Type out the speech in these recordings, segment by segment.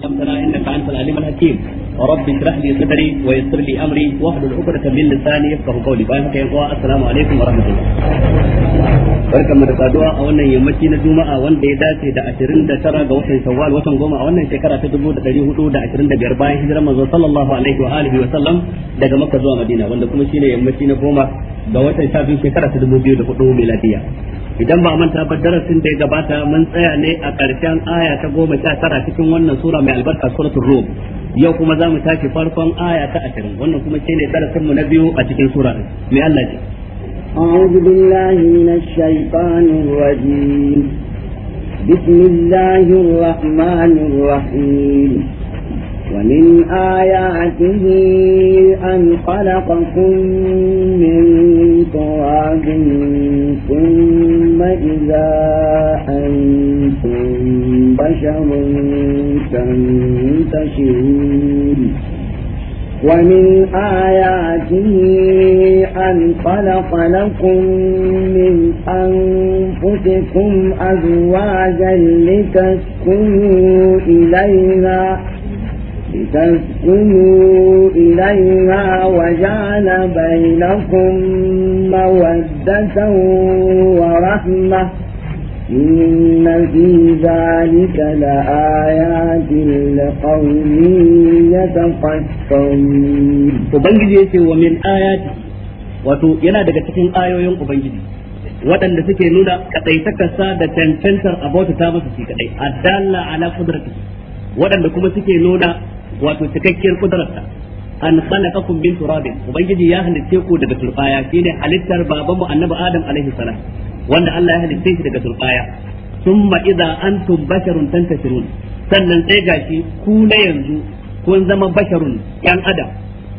dalam dalam dalam dalam dalam dalam dalam رب اشرح لي صدري ويسر لي امري واحلل عقدة من لساني يفقهوا قولي باي haka yan uwa assalamu wa mu da saduwa a wannan yammaci na juma'a wanda ya dace da 29 ga watan shawwal watan goma a wannan shekara ta 1425 bayan hijirar manzo sallallahu alaihi wa alihi wa sallam daga makka zuwa madina wanda kuma shine yammaci na goma ga watan 12 shekara ta 2004 miladiya idan ba manta ba darasin da ya gabata mun tsaya ne a ƙarshen aya ta goma sha tara cikin wannan sura mai albarka suratul rum yau kuma za mu tashi farkon aya ta ashirin wannan kuma shine darasin mu na biyu a cikin sura mai Allah ji أعوذ بالله من الشيطان الرجيم بسم الله الرحمن الرحيم ومن آياته أن خلقكم من تراب ثم إذا أنتم بشر تنتشرون ومن آياته أن خلق لكم من أنفسكم أزواجا لتسكنوا إليها لتسكنوا إليها وجعل بينكم مودة ورحمة إن في ذلك لآيات لقوم يتفكرون وبنجي ومن آيات wato yana daga cikin ayoyin ubangiji waɗanda suke nuna kaɗaitakarsa da cancantar abota ta masa shi kaɗai adalla ala kudratihi waɗanda kuma suke nuna wato cikakkiyar kudararsa an khalaqakum min turabin ubangiji ya halitta ku daga turbaya shine halittar babanmu annabi adam alaihi salam wanda Allah ya halitta shi daga turbaya thumma idza antum basharun tantashirun sannan sai gashi ku na yanzu kun zama basharun yan adam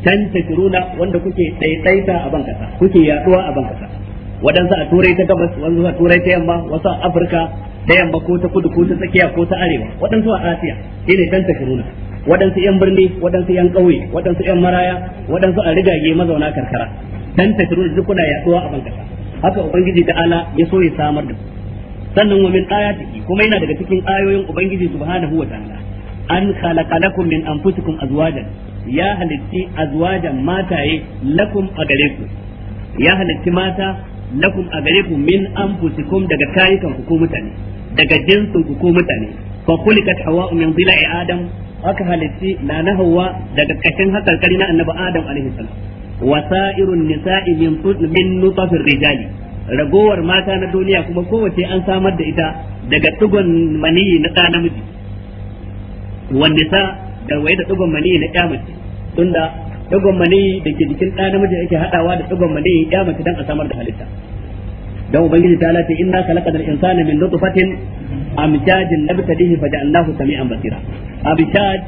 tantashiruna wanda kuke daidaita a ban bankasa kuke yaduwa a ban bankasa wadansu a turai ta gabas wadansu a turai ta yamma wasu a afirka ta yamma ko ta kudu ko ta tsakiya ko ta arewa wadansu a asiya shine tantashiruna waɗansu 'yan birni waɗansu 'yan ƙauye waɗansu 'yan maraya waɗansu a rigage mazauna karkara dan ta turu duk kuna yaduwa a bankasa haka ubangiji da ala ya so ya samar da sannan wa min ayatihi kuma yana daga cikin ayoyin ubangiji subhanahu wa ta'ala an khalaqa lakum min anfusikum azwajan ya halitti azwajan mataye lakum a gare ku ya halitti mata lakum a gare ku min anfusikum daga kayyukan ku ko mutane daga jinsin ku ko mutane fa khuliqat hawa'u min dila'i adam aka halitti na na hawa daga kashin hakarkari na annabi adam alaihi salam wa sa'irun nisa'i min min nutfir rijali ragowar mata na duniya kuma kowace an samar da ita daga tugon maniyi na ɗa namiji wanda ta da waye da tugon maniyi na ƴa mace tunda tugon maniyi da ke jikin ɗa namiji yake haɗawa da tugon maniyi ƴa mace don a samar da halitta dan ubangiji ta lati inna khalaqal insana min nutfatin amshadin nabtadihi faja'alnahu sami'an basira amshad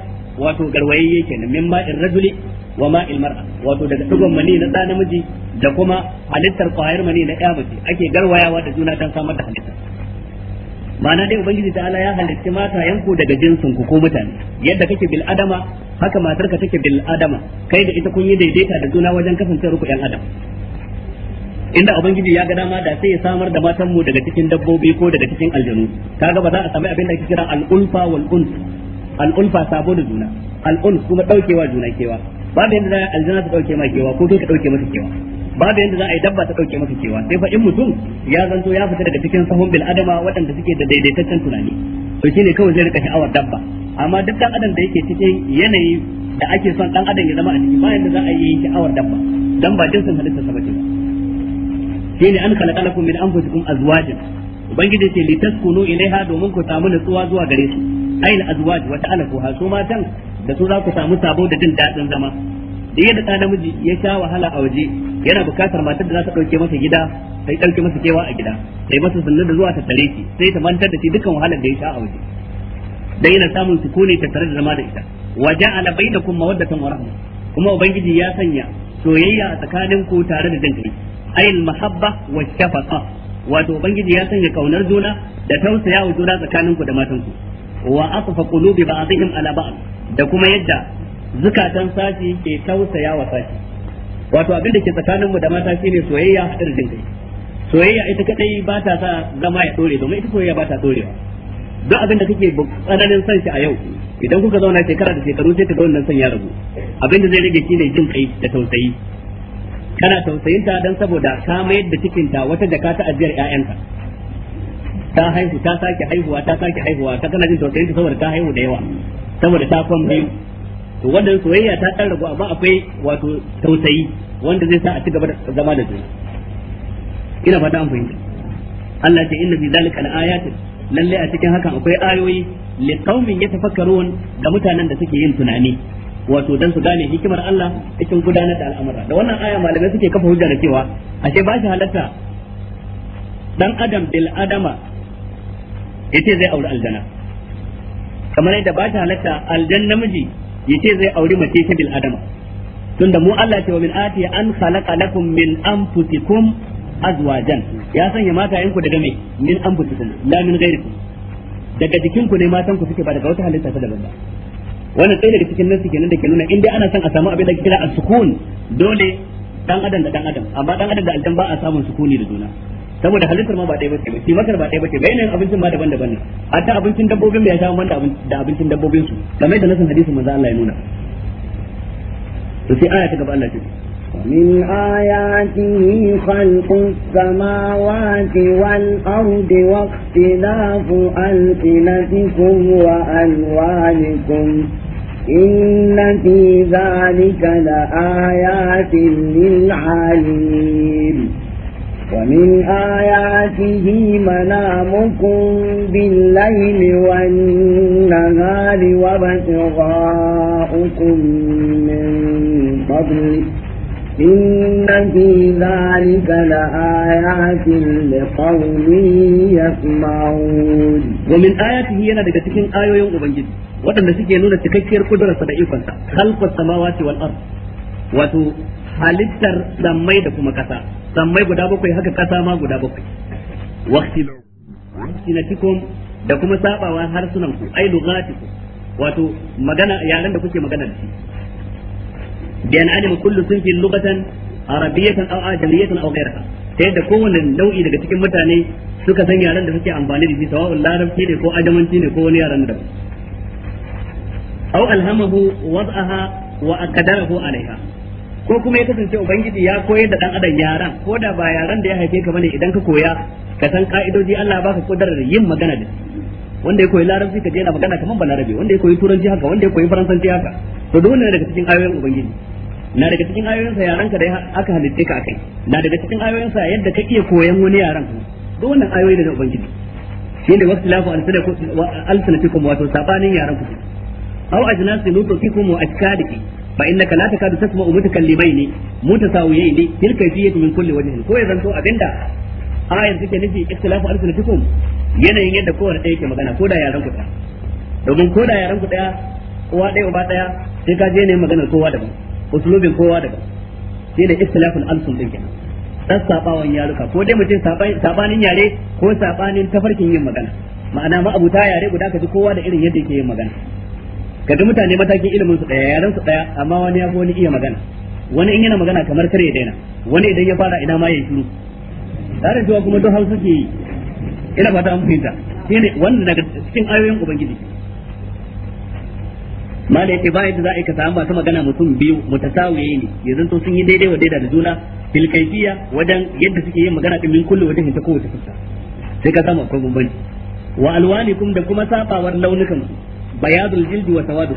wato garwaye kenan min ma'in rajuli wa ma'il mar'a wato daga dugon mani na da namiji da kuma halittar kwayar mani na ɗaya mace ake garwayawa da juna don samar da halitta ma'ana dai ubangiji ta'ala ya halitta mata yanku daga jinsin ku ko mutane yadda kake bil adama haka matarka take bil adama kai da ita kun yi daidaita da juna wajen kasancewar ku yan adam inda ubangiji ya ga dama da sai ya samar da matan mu daga cikin dabbobi ko daga cikin aljanu kaga ba za a sami abin da ake kira al-ulfa wal uns al-ulfa sabo da juna al-uns kuma daukewa juna kewa da yadda za a aljana ta dauke ma kewa ko ta dauke mata kewa ba da yadda za a yi dabba ta dauke mata kewa sai fa in mutum ya zanto ya fita daga cikin sahun bil adama waɗanda suke da daidaitaccen tunani to shine kawai zai rika sha'awar dabba amma duk dan adam da yake cikin yanayi da ake son dan adam ya zama a ciki ba yadda za a yi sha'awar dabba dan ba jinsin halitta sabace ba shine an kala lakum min anfusikum azwajan ubangiji ce litaskunu ilaiha domin ku samu nutsuwa zuwa gare su ayin azwaj ala ko su matan da su za ku samu sabo da jin dadin zama da yadda ɗa namiji ya sha wahala a waje yana bukatar matar da za ta ɗauke masa gida sai ɗauke masa kewa a gida sai masa sannu da zuwa ta tare shi sai ta mantar da shi dukkan wahalar da ya sha a waje dan yana samun sukuni ta tare da zama da ita wa ja'ala bainakum mawaddatan wa rahma kuma ubangiji ya sanya soyayya a tsakanin ku tare da jin kai ayil mahabba wa shafaqa wato ubangiji ya sanya kaunar juna da tausaya wa juna tsakanin ku da matan ku wa asfa qulubi ba'dihim ala ba'd da kuma yadda zukatan sashi ke tausaya wa sashi wato abin da ke tsakanin mu da mata shine soyayya hadar jin kai soyayya ita kadai ba ta sa zama ya dore domin ita soyayya ba ta dorewa duk abin da kake tsananin san shi a yau idan kuka zauna shekara da shekaru sai ka ga wannan san ya rabu abin da zai rage shi ne jin kai da tausayi kana tausayin ta dan saboda ka mayar da cikin ta wata jaka ta ajiyar ƴaƴanta ta haihu ta sake haihuwa ta sake haihuwa ta kana jin tausayin ta saboda ta haihu da yawa saboda ta kwan biyu to wannan soyayya ta dan ragu amma akwai wato tausayi wanda zai sa a ci gaba da zama da juna ina fata an fahimta Allah ya ce inna fi zalika al-ayatin Lallai a cikin hakan akwai ayoyi li qaumin yatafakkarun ga mutanen da suke yin tunani wato dan su gane hikimar Allah cikin gudanar da al'amura da wannan aya malamai suke kafa hujja da cewa ashe ba shi halatta dan adam bil adama yace zai auri aljanna kamar yadda ba shi halatta aljan namiji yace zai auri mace ta bil adama tunda mu Allah ce wa min ati an khalaqa lakum min anfusikum azwajan ya sanya matayenku daga mai min anfusikum la min ghairikum daga ku ne matan ku suke ba daga wata halitta ta daban ba wannan tsaye daga cikin nasu kenan da ke nuna inda ana son a samu abin da kira as-sukun dole dan adam da dan adam amma dan adam da aljan ba a samun sukuni da juna saboda halittar ma ba ɗaya bace ba makar ba ɗaya bace ba yanayin abincin ma daban-daban ne hatta abincin dabbobin bai sha banda da abincin dabbobin su kamar da nasin hadisin manzo Allah ya nuna to sai aya ta gaba Allah ta من آياته خلق السماوات والأرض واختلاف ألسنتكم وألوانكم إن في ذلك لآيات للعالمين ومن آياته منامكم بالليل والنهار وابتغاؤكم من قبل إن في ذلك لآيات لقوم يسمعون ومن آياته ينا daga cikin ayoyin ubangiji waɗanda suke nuna cikakkiyar kudurarsa da ikonsa khalqus samawati wal ard wato halittar sammai da kuma kasa sammai guda bakwai haka kasa ma guda bakwai waqtilu sinatikum da kuma sabawa harsunan ku ai wato magana yaran da kuke magana da shi بأن علم كل صنف لغة عربية أو أجمية أو غيرها ta yadda kowane nau'i daga cikin mutane suka san yaran da suke amfani da shi sawa'un larabci ne ko ajamanci ne ko wani yaran da au alhamahu wad'aha wa alaiha ko kuma ya kasance ubangiji ya koyar da dan adam yaran ko da ba yaran da ya haife ka bane idan ka koya ka san ka'idoji Allah baka kudarar yin magana da wanda ya koyi larabci ka je na magana kaman balarabe wanda ya koyi turanci haka wanda ya koyi faransanci haka to dole ne daga cikin ayoyin ubangiji na daga cikin ayoyinsa yaranka da aka halitta ka akai na daga cikin ayoyinsa yadda ka iya koyan wani yaran duk wannan ayoyi daga ubangiji shi ne wasu fi alsanatikum wato sabanin yaran ku aw ajnasi nutukum wa ashkadiki fa innaka la takadu tasma'u mutakallimaini mutasawiyaini tilka fiyatu min kulli wajhin ko ya zanto abinda ayar suke nufi ikhtilafu alsanatikum yanayin yadda kowanne ɗaya yake magana ko da yaran ku ɗaya domin ko da yaran ku ɗaya uwa ɗaya uba ɗaya sai ka je ne magana kowa daban usulubin kowa daga sai da ikhtilaful alsun din kenan dan sabawan yaruka ko dai mutum sabanin yare ko sabanin tafarkin yin magana ma'ana ma abuta yare guda kaji kowa da irin yadda yake yin magana kaga mutane matakin ilimin su daya yaran su daya amma wani ya wani iya magana wani in yana magana kamar kare ya daina wani idan ya fara ina ma ya shiru tare zuwa kuma don hausa ke yi ina fata an fahimta shine wanda daga cikin ayoyin ubangiji malai da bayan ba yadda za a yi ka samu masu magana mutum biyu mutasawiye ne yanzu to sun yi daidai wa daidai da juna filkaifiya wajen yadda suke yin magana ɗin min kullum wajen ta kowace fuska sai ka samu akwai bambanci wa kum da kuma sabawar launukan su bayadul jildi wa sawadu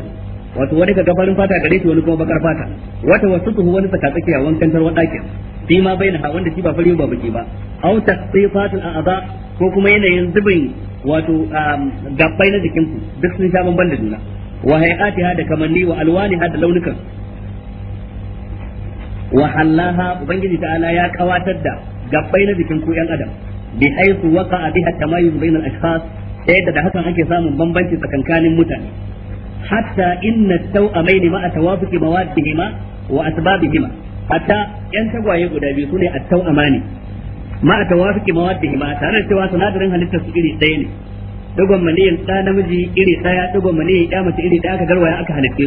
wato wani ka farin fata gare shi wani kuma bakar fata wata wasu wasutuhu wani saka tsakiya wankan tarwa ɗakin fi ma hawan wanda shi ba fari ba baki ba aw tasfifatul a'za ko kuma yanayin zubin wato ah, gabbai na jikin ku duk sun sha bambanci da juna wa hayatiha da kamanni wa alwaniha da launukan wa hallaha ubangiji ta'ala ya kawatar da gabbai na jikin ku yan adam bi haythu waqa'a biha tamayuz bainal ashkhas ta yadda da hakan ake samun bambanci tsakankanin mutane hatta inna tawamain ma atawafuqi mawaddihima wa asbabihima hatta yan tagwaye guda biyu tare da cewa sanadarin halittar su iri ɗaya ne dugon maniyin ɗa namiji iri ɗaya dugon maniyin mace iri ɗaya aka garwaya aka halitte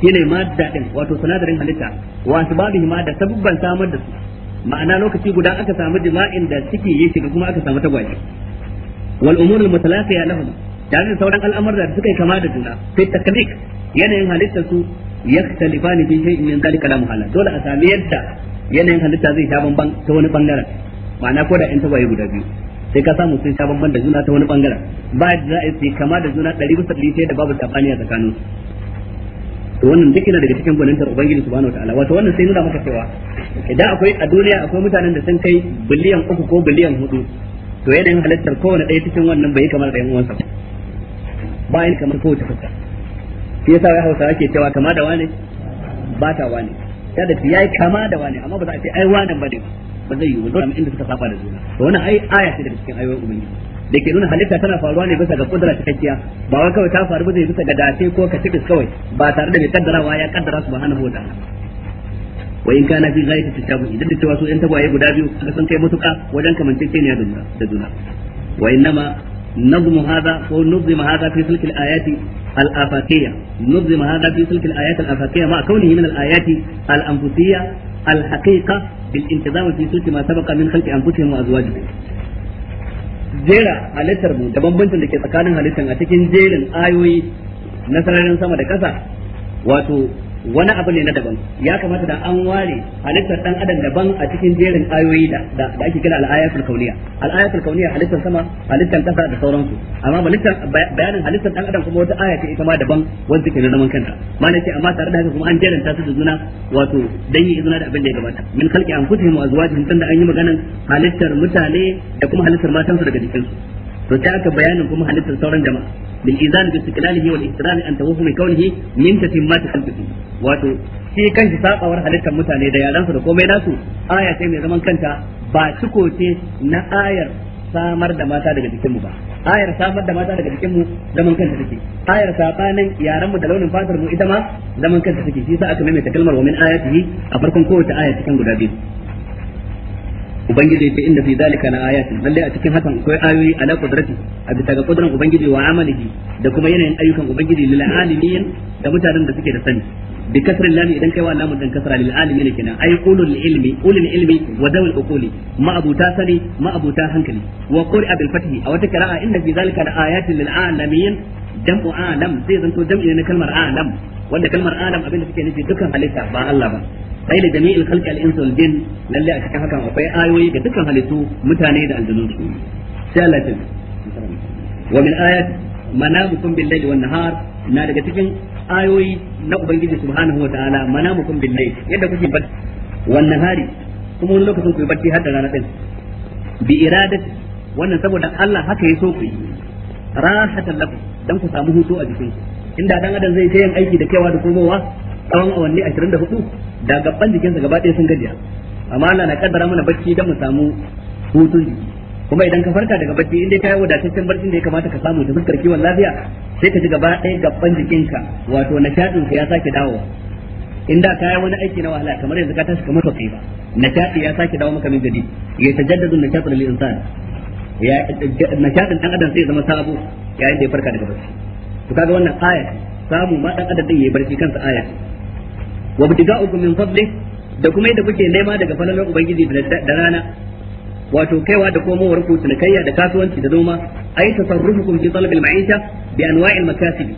su ne madda din wato sinadarin halitta wa asbabihi ma da sababban samar da su ma'ana lokaci guda aka samu jima'in da ciki ya shiga kuma aka samu tagwaye wal umur al mutalaqiya lahum tare da sauran al'amuran da suka yi kama da juna sai taklik yanayin halittar su yaktalifani fi shay'in min zalika la muhala dole a sami yadda yanayin halitta zai sha bamban ta wani bangaren ma'ana ko da in tagwaye guda biyu sai ka samu sun sha bamban da juna ta wani bangaren ba da za a yi kama da juna ɗari bisa ɗari sai da babu tsakaniya a tsakanin to wannan duk yana daga cikin gwanintar ubangiji subhanahu wataala wato wannan sai nuna maka cewa idan akwai a duniya akwai mutanen da sun kai biliyan uku ko biliyan hudu to yanayin halittar kowane ɗaya cikin wannan bai kamar da yan uwansa ba yin kamar kowace fuska shi yasa wai hausa ake cewa kama da wane ba ta wane ya da ya yi kama da wane amma ba za a ce ai wanan ba ne ba ba zai yi ba inda suka saba da juna to wannan ai aya ce daga cikin ayoyin ubangiji da ke nuna halitta tana faruwa ne bisa ga kudura cikakkiya ba wai kawai ta faru ba zai bisa ga dace ko ka cikin kawai ba tare da mai kaddarawa ya kaddara su ba hana ta'ala wa in kana fi ghaayati tashabuh idan da cewa su yan tagwaye guda biyu kaga sun kai mutuka wajen kamanceceniya da juna wa innama نظم هذا ونظم هذا في سلك الآيات الآفاقية نظم هذا في سلك الآيات الآفاقية مع كونه من الآيات الأنفسية الحقيقة بالانتظام في سوق ما سبق من خلق أنفسهم وأزواجهم jera halittar mu da bambancin da ke tsakanin halittar a cikin jerin ayoyi na sararin sama da ƙasa wato wani abu ne na daban ya kamata da an ware halittar dan adam daban a cikin jerin ayoyi da da ake kira al-ayatul kauniyya al-ayatul kauniyya halittar sama halittar kasa da sauransu amma halittar bayanin halittar dan adam kuma wata aya ce ita ma daban wanda ke na zaman kanta malai ce amma tare da haka kuma an jerin ta su da juna wato dan yi zuna da abin da ya gabata min khalqi anfusihim wa azwajihim tunda an yi maganan halittar mutane da kuma halittar matansu daga jikinsu to sai aka bayanin kuma halittar sauran jama'a bil izan bi istiqlalihi wal ihtirami an tawahhumi kaunihi min ta khalqihi wato shi kanshi sabawar halittar mutane da su da komai nasu aya ce mai zaman kanta ba ciko ce na ayar samar da mata daga mu ba ayar samar da mata daga mu zaman kanta take ayar sabanin yaran mu da launin fatar mu ita ma zaman kanta take shi sa aka maimaita kalmar wa min ayatihi a farkon kowace aya cikin guda biyu ubangiji ya ce inda fi zalika la ayatin lalle a cikin hakan akwai ayoyi ala qudrati a bisa ga qudran ubangiji wa amalihi da kuma yanayin ayyukan ubangiji lil alimin da mutanen da suke da sani bi kasrin lam idan kai wa lam dan kasra lil alimin kenan ay qulul ilmi qulul ilmi wa dawil uquli ma abuta sani ma abuta hankali wa qur'a bil fathi a wata qira'a inda fi zalika la ayatin lil alamin jam'u alam zai zanto jam'i ne na kalmar alam wanda kalmar alam abinda suke nufi dukkan halitta ba Allah ba ai da jami'il khalqi al insu wal jin lalle a cikin hakan akwai ayoyi ga dukkan halittu mutane da aljanun su sai Allah wa min ayat manamukum bil layli wan nahar na daga cikin ayoyi na ubangiji subhanahu wa ta'ala manamukum bil layli yadda kuke bacci wan nahari kuma wani lokacin ku bacci har da rana din bi iradati wannan saboda Allah haka ya so ku yi rahatan lakum dan ku samu hutu a jikin inda dan adam zai ta yin aiki da kaiwa da komowa tsawon awanni 24 da gaban jikinsa gaba ɗaya sun gajiya amma Allah na kaddara mana bacci don mu samu hutun jiki kuma idan ka farka daga bacci inda ka yi wadataccen barcin da ya kamata ka samu ta fuskar kiwon lafiya sai ka ji gaba ɗaya gaban jikinka wato nishaɗin ka ya sake dawowa in da kayan wani aiki na wahala kamar yanzu ka tashi kamar ka ba nishadi ya sake dawo maka min gadi ya tajaddadu nishadul lil insan ya nishadin dan adam sai zama sabo yayin da ya farka daga barci to kaga wannan aya samu ma dan adam din yayi barci kansa aya wa bitiga'ukum min da kuma yadda kuke nema daga falalar ubangiji da rana wato kaiwa da komowar ku cinikayya da kasuwanci da noma ay tasarrufukum fi talab al-ma'isha bi anwa'il makasib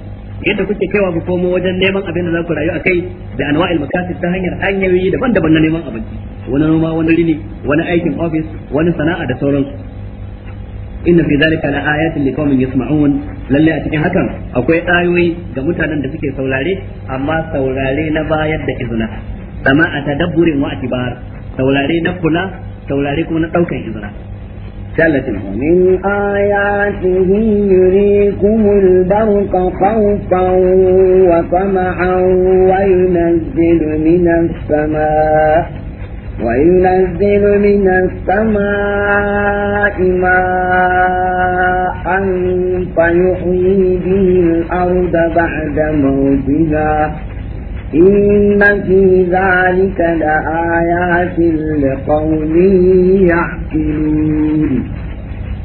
yadda kuke kaiwa ku komo wajen neman abin da za ku rayu akai da anwa'il makasib ta hanyar hanyoyi daban-daban na neman abinci wani noma wani rini wani aikin office wani sana'a da sauransu inna fi zalika la ayatin qaumin yasma'un lalle a cikin hakan akwai ayoyi ga mutanen da suke saurare amma saurare na bayar da izina amma a tadabburin wa atibar saurare na kula saurare kuma na daukan izina yurikumul barqa يريكم wa خوفا wa yunzilu minas samaa وينزل من السماء ماء فيحيي به الأرض بعد موتها إن في ذلك لآيات لقوم يعقلون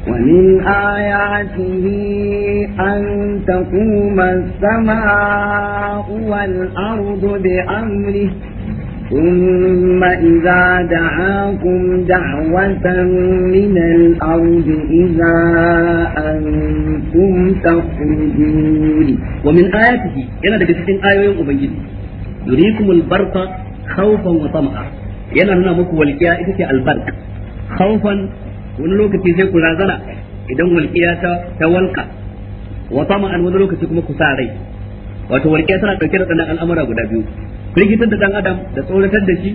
ومن آياته أن تقوم السماء والأرض بأمره ثم إذا دعاكم دعوة من الأرض إذا أنتم تخرجون ومن آياته أنا دقيقتين آية أبين يريكم البرق خوفا وطمعا yana nuna muku walƙiya ita ce albarka. khawfan wani lokaci sai ku razana idan walƙiya ta ta walka wa tama'an wani lokaci kuma ku sa rai wato walƙiya tana dauke da al'amura guda biyu rigitar da dan adam da tsoratar da shi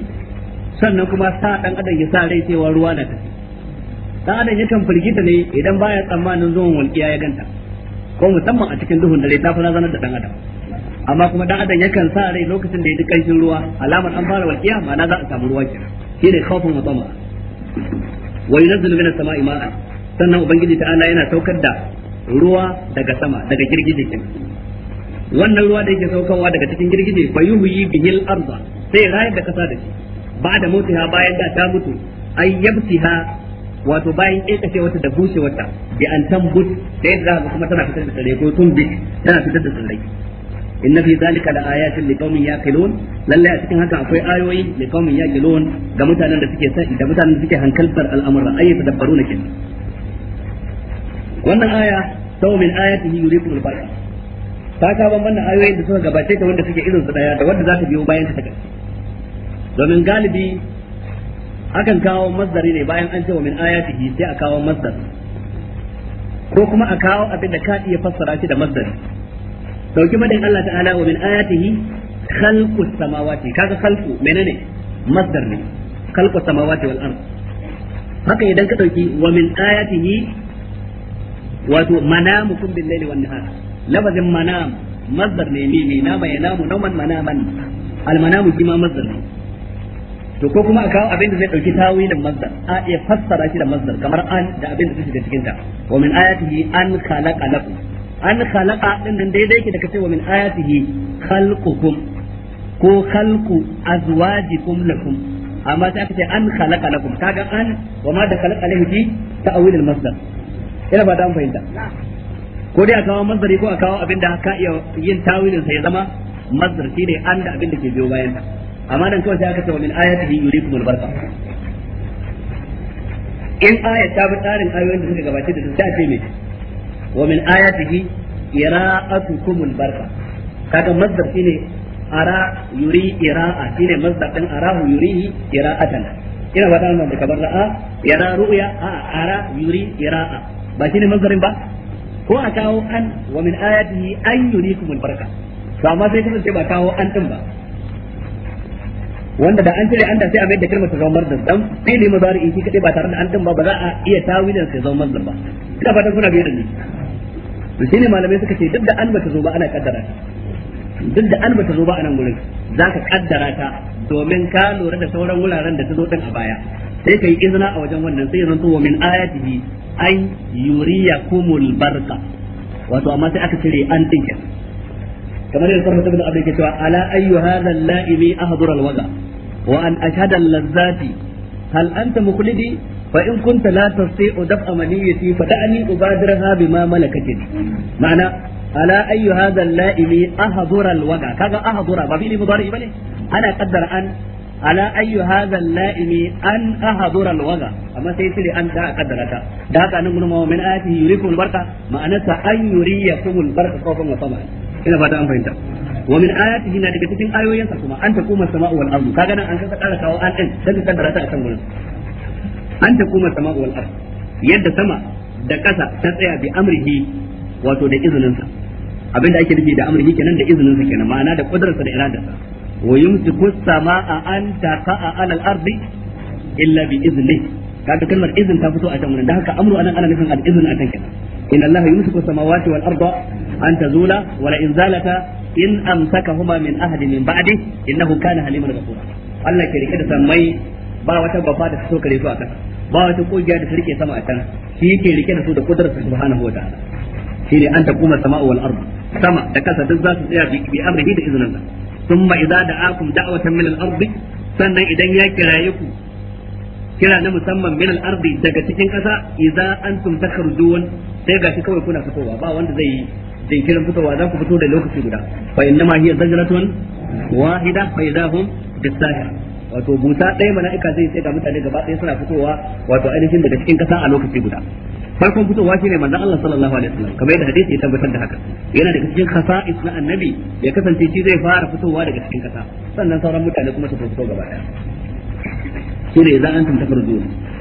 sannan kuma sa dan adam ya sa rai cewa ruwa na tafi dan adam yakan firgita ne idan baya tsammanin zuwan walƙiya ya ganta ko musamman a cikin duhun dare ta fi razanar da dan adam amma kuma dan adam yakan sa rai lokacin da ya ji kanshin ruwa alamar an fara walƙiya ma'ana za a samu ruwa kenan shine khawfun wa tama wa yunzilu minas sama'i ma'a sannan ubangiji ta'ala yana saukar da ruwa daga sama daga girgije kenan wannan ruwa da yake saukarwa daga cikin girgije fa yuhyi bihil arda sai rayar da kasa da shi ba da mutiha bayan da ta mutu ay yabtiha wato bayan kekace wata da bushe wata bi an tambut da yadda za kuma tana fitar da tsirrai ko tumbi tana fitar da tsirrai inna fi zalika la ayatin liqaumin yaqilun lalle a cikin haka akwai ayoyi liqaumin yaqilun ga mutanen da suke sa da mutanen da suke hankaltar al'amuran ayyata dabbaruna kin wannan aya sau min ayatihi yuriqul barqa ta ka bamban da ayoyin da suka gabace ta wanda suke irin su daya da wanda za ta biyo bayan ta karshe domin galibi akan kawo masdari ne bayan an ce wa min ayatihi sai a kawo masdar ko kuma a kawo abin da ka iya fassara shi da masdar. dauki madin Allah ta'ala wa min ayatihi khalqu samawati kaga khalqu menene masdar ne khalqu samawati wal ard haka idan ka dauki wa min ayatihi wato manamukum bil laili wan nahar lafazin manam mazdar ne ne ne na bayyana mu nauman manaman almanamu shi ma mazdar ne to ko kuma a kawo abin da zai dauki tawilin mazdar a iya fassara shi da mazdar kamar an da abin da take cikin ta wa min ayatihi an khalaqa lakum an khalaqa din nan daidai yake da kace wa min ayatihi khalqukum ko khalqu azwajikum lakum amma sai aka ce an khalaqa lakum kaga an wa ma da khalaqa lahi ta'wil al ina ba da an fahimta ko dai a kawo mazari ko a kawo abin da ka iya yin tawilin sa ya zama masdar ne an da abin da ke biyo bayan ta amma nan kawai sai aka ce wa min ayatihi yurikum albarka in aya ta bi tsarin ayoyin da suka gabace da ta ce me wa min ayatihi ira'atukum albarka kaga shi ne ara yuri ira'a ne masdar din arahu yurihi ira'atan ina ba ta nan da kamar ra'a yara ru'ya a ara yuri ira'a ba shi ne masdarin ba ko a kawo an wa min ayatihi an yurikumul baraka to amma sai kuma sai ba kawo an din ba wanda da an cire an da sai a mai da kalmar ta zama marzan dan fili mudari shi kade ba tare da an din ba ba za a iya tawilin sai zaman marzan ba ina fatan kuna biyar da ni to shine malamai suka ce duk da an bata zo ba ana kaddara duk da an bata zo ba a nan gurin zaka kaddara ta domin ka lura da sauran wuraren da ta zo din a baya sai kai izina a wajen wannan sai zan tuwa min ayatihi an yuriyakumul barka wato amma sai aka cire an dinkin kamar yadda Farhat ibn Abi ke cewa ala ayyu hadha al-la'imi ahdura al-waga wa an ashhadu al-lazzati hal anta mukhlidi fa in kunta la tastati'u daf'a maniyati fa da'ani ubadiraha bima malakat ma'ana ala ayyu hadha al-la'imi ahdura al-waga kaga ahdura ba bi mudari bane ana qaddara an ala ayyu hadha al-la'imi an ahdura al-waga amma sai sai an da kaddarata da haka nan gurin min ayati yurikum barka ma'anarsa an yuriyakum al-barka khawfan wa tama'an ina fata an fahimta wa min ayatihi na daga cikin ayoyinsa kuma an taquma as-sama'u wal ardu kaga an kasa kara kawo an din dan kaddarata a kan gurin an taquma as-sama'u wal yadda sama da kasa ta tsaya bi amrihi wato da izininsa abinda ake nufi da amrihi kenan da izininsa kenan ma'ana da kudrarsa da iradarsa ويمسك السماء أن تقع على الأرض إلا بإذنه kaga kalmar izin ta fito a can wurin da haka amru anan ana nufin al-izn a can kenan inna allaha yumsiku samawati wal arda an tazula wa la in zalata in amsakahuma min ahadin min ba'di innahu kana haliman ghafura Allah ke rike da samai ba wata bafa da so kare su a kan, ba wata kogiya da rike sama a can shi yake rike da su da kudrarsa subhanahu wa ta'ala shine an taquma sama'u wal ardu sama da kasa duk za su tsaya bi amrihi da iznin Allah thumma idza akun da'watan min minar ardi sannan idan ya kiraye ku kira na musamman min al-ardi daga cikin kasa idza antum takhrujun sai gashi kawai kuna fitowa ba wanda zai yi jinkirin fitowa za ku fito da lokaci guda fa innama hiya zajratun wahida fa idahum bisahir wato buta ɗaya mala'ika zai sai ga mutane gaba ɗaya suna fitowa wato ainihin daga cikin kasa a lokaci guda farkon fitowa shine manzon Allah sallallahu alaihi wasallam kamar yadda hadisi ya tabbatar da haka yana daga cikin khasa'is na annabi ya kasance shi zai fara fitowa daga cikin kasa sannan sauran mutane kuma su fito gaba daya shine idan antum tafarzu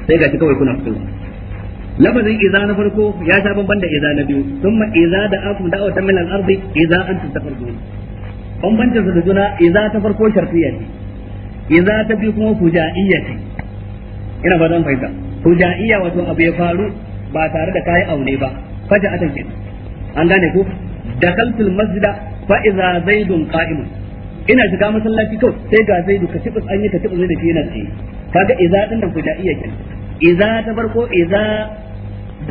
sai ga kawai kuna fitowa lafazin iza na farko ya sha bamban da iza na biyu thumma iza da akum da'watan min al-ardi iza antum tafarzu bambancin su da juna iza ta farko shartiyya ce iza ta biyu kuma fujaiyya ce ina ba zan fahimta fujaiyya wato abu ya faru ba tare da kayi aure ba faja atan ke. an gane ko dakaltul masjida fa iza zaidun qa'imun ina shiga masallaci kawai sai ga zaidu ka tibis an yi ka tibis da yana ce kaga iza din nan fuda iya kin iza ta farko idza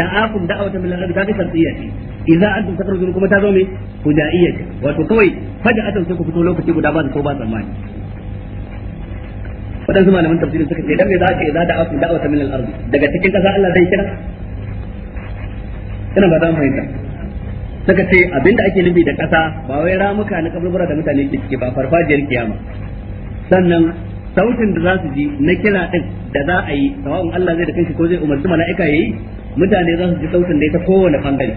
da'akum da'awata min al-ard ka shartiyya ce idza antum takrujun kuma ta zo me da iya kin wato kawai faja atan sai ku fito lokaci guda ba ko ba tsammani waɗansu malaman tafsirin suka ce dan me za ka idza da'akum da'awata min al-ard daga cikin kasa Allah zai kira ina ba za mu fahimta suka ce abinda ake nufi da ƙasa ba wai ramuka na kaburbura da mutane ke ciki ba farfajiyar kiyama sannan sautin da za su ji na kira din da za a yi sawa'un Allah zai da kanshi ko zai umarci mala'ika yayi mutane za su ji sautin da ya ta kowane bangare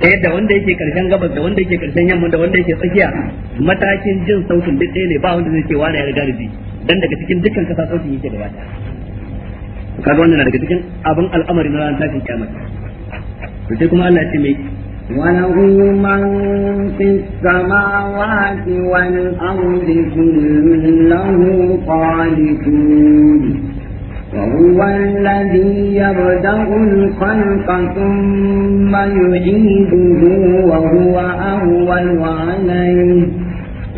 ta yadda wanda yake karshen gabas da wanda yake karshen yamma da wanda yake tsakiya matakin jin sautin duk ɗaya ne ba wanda zai ce wani ya riga da ji dan daga cikin dukkan kasa sautin yake da wata kaga wannan daga cikin abin al'amari na ranar tashin kiyama to sai kuma Allah ya ce mai وله من في السماوات والأرض كل له قالتون وهو الذي يبدأ الخلق ثم يعيده وهو أهون عليه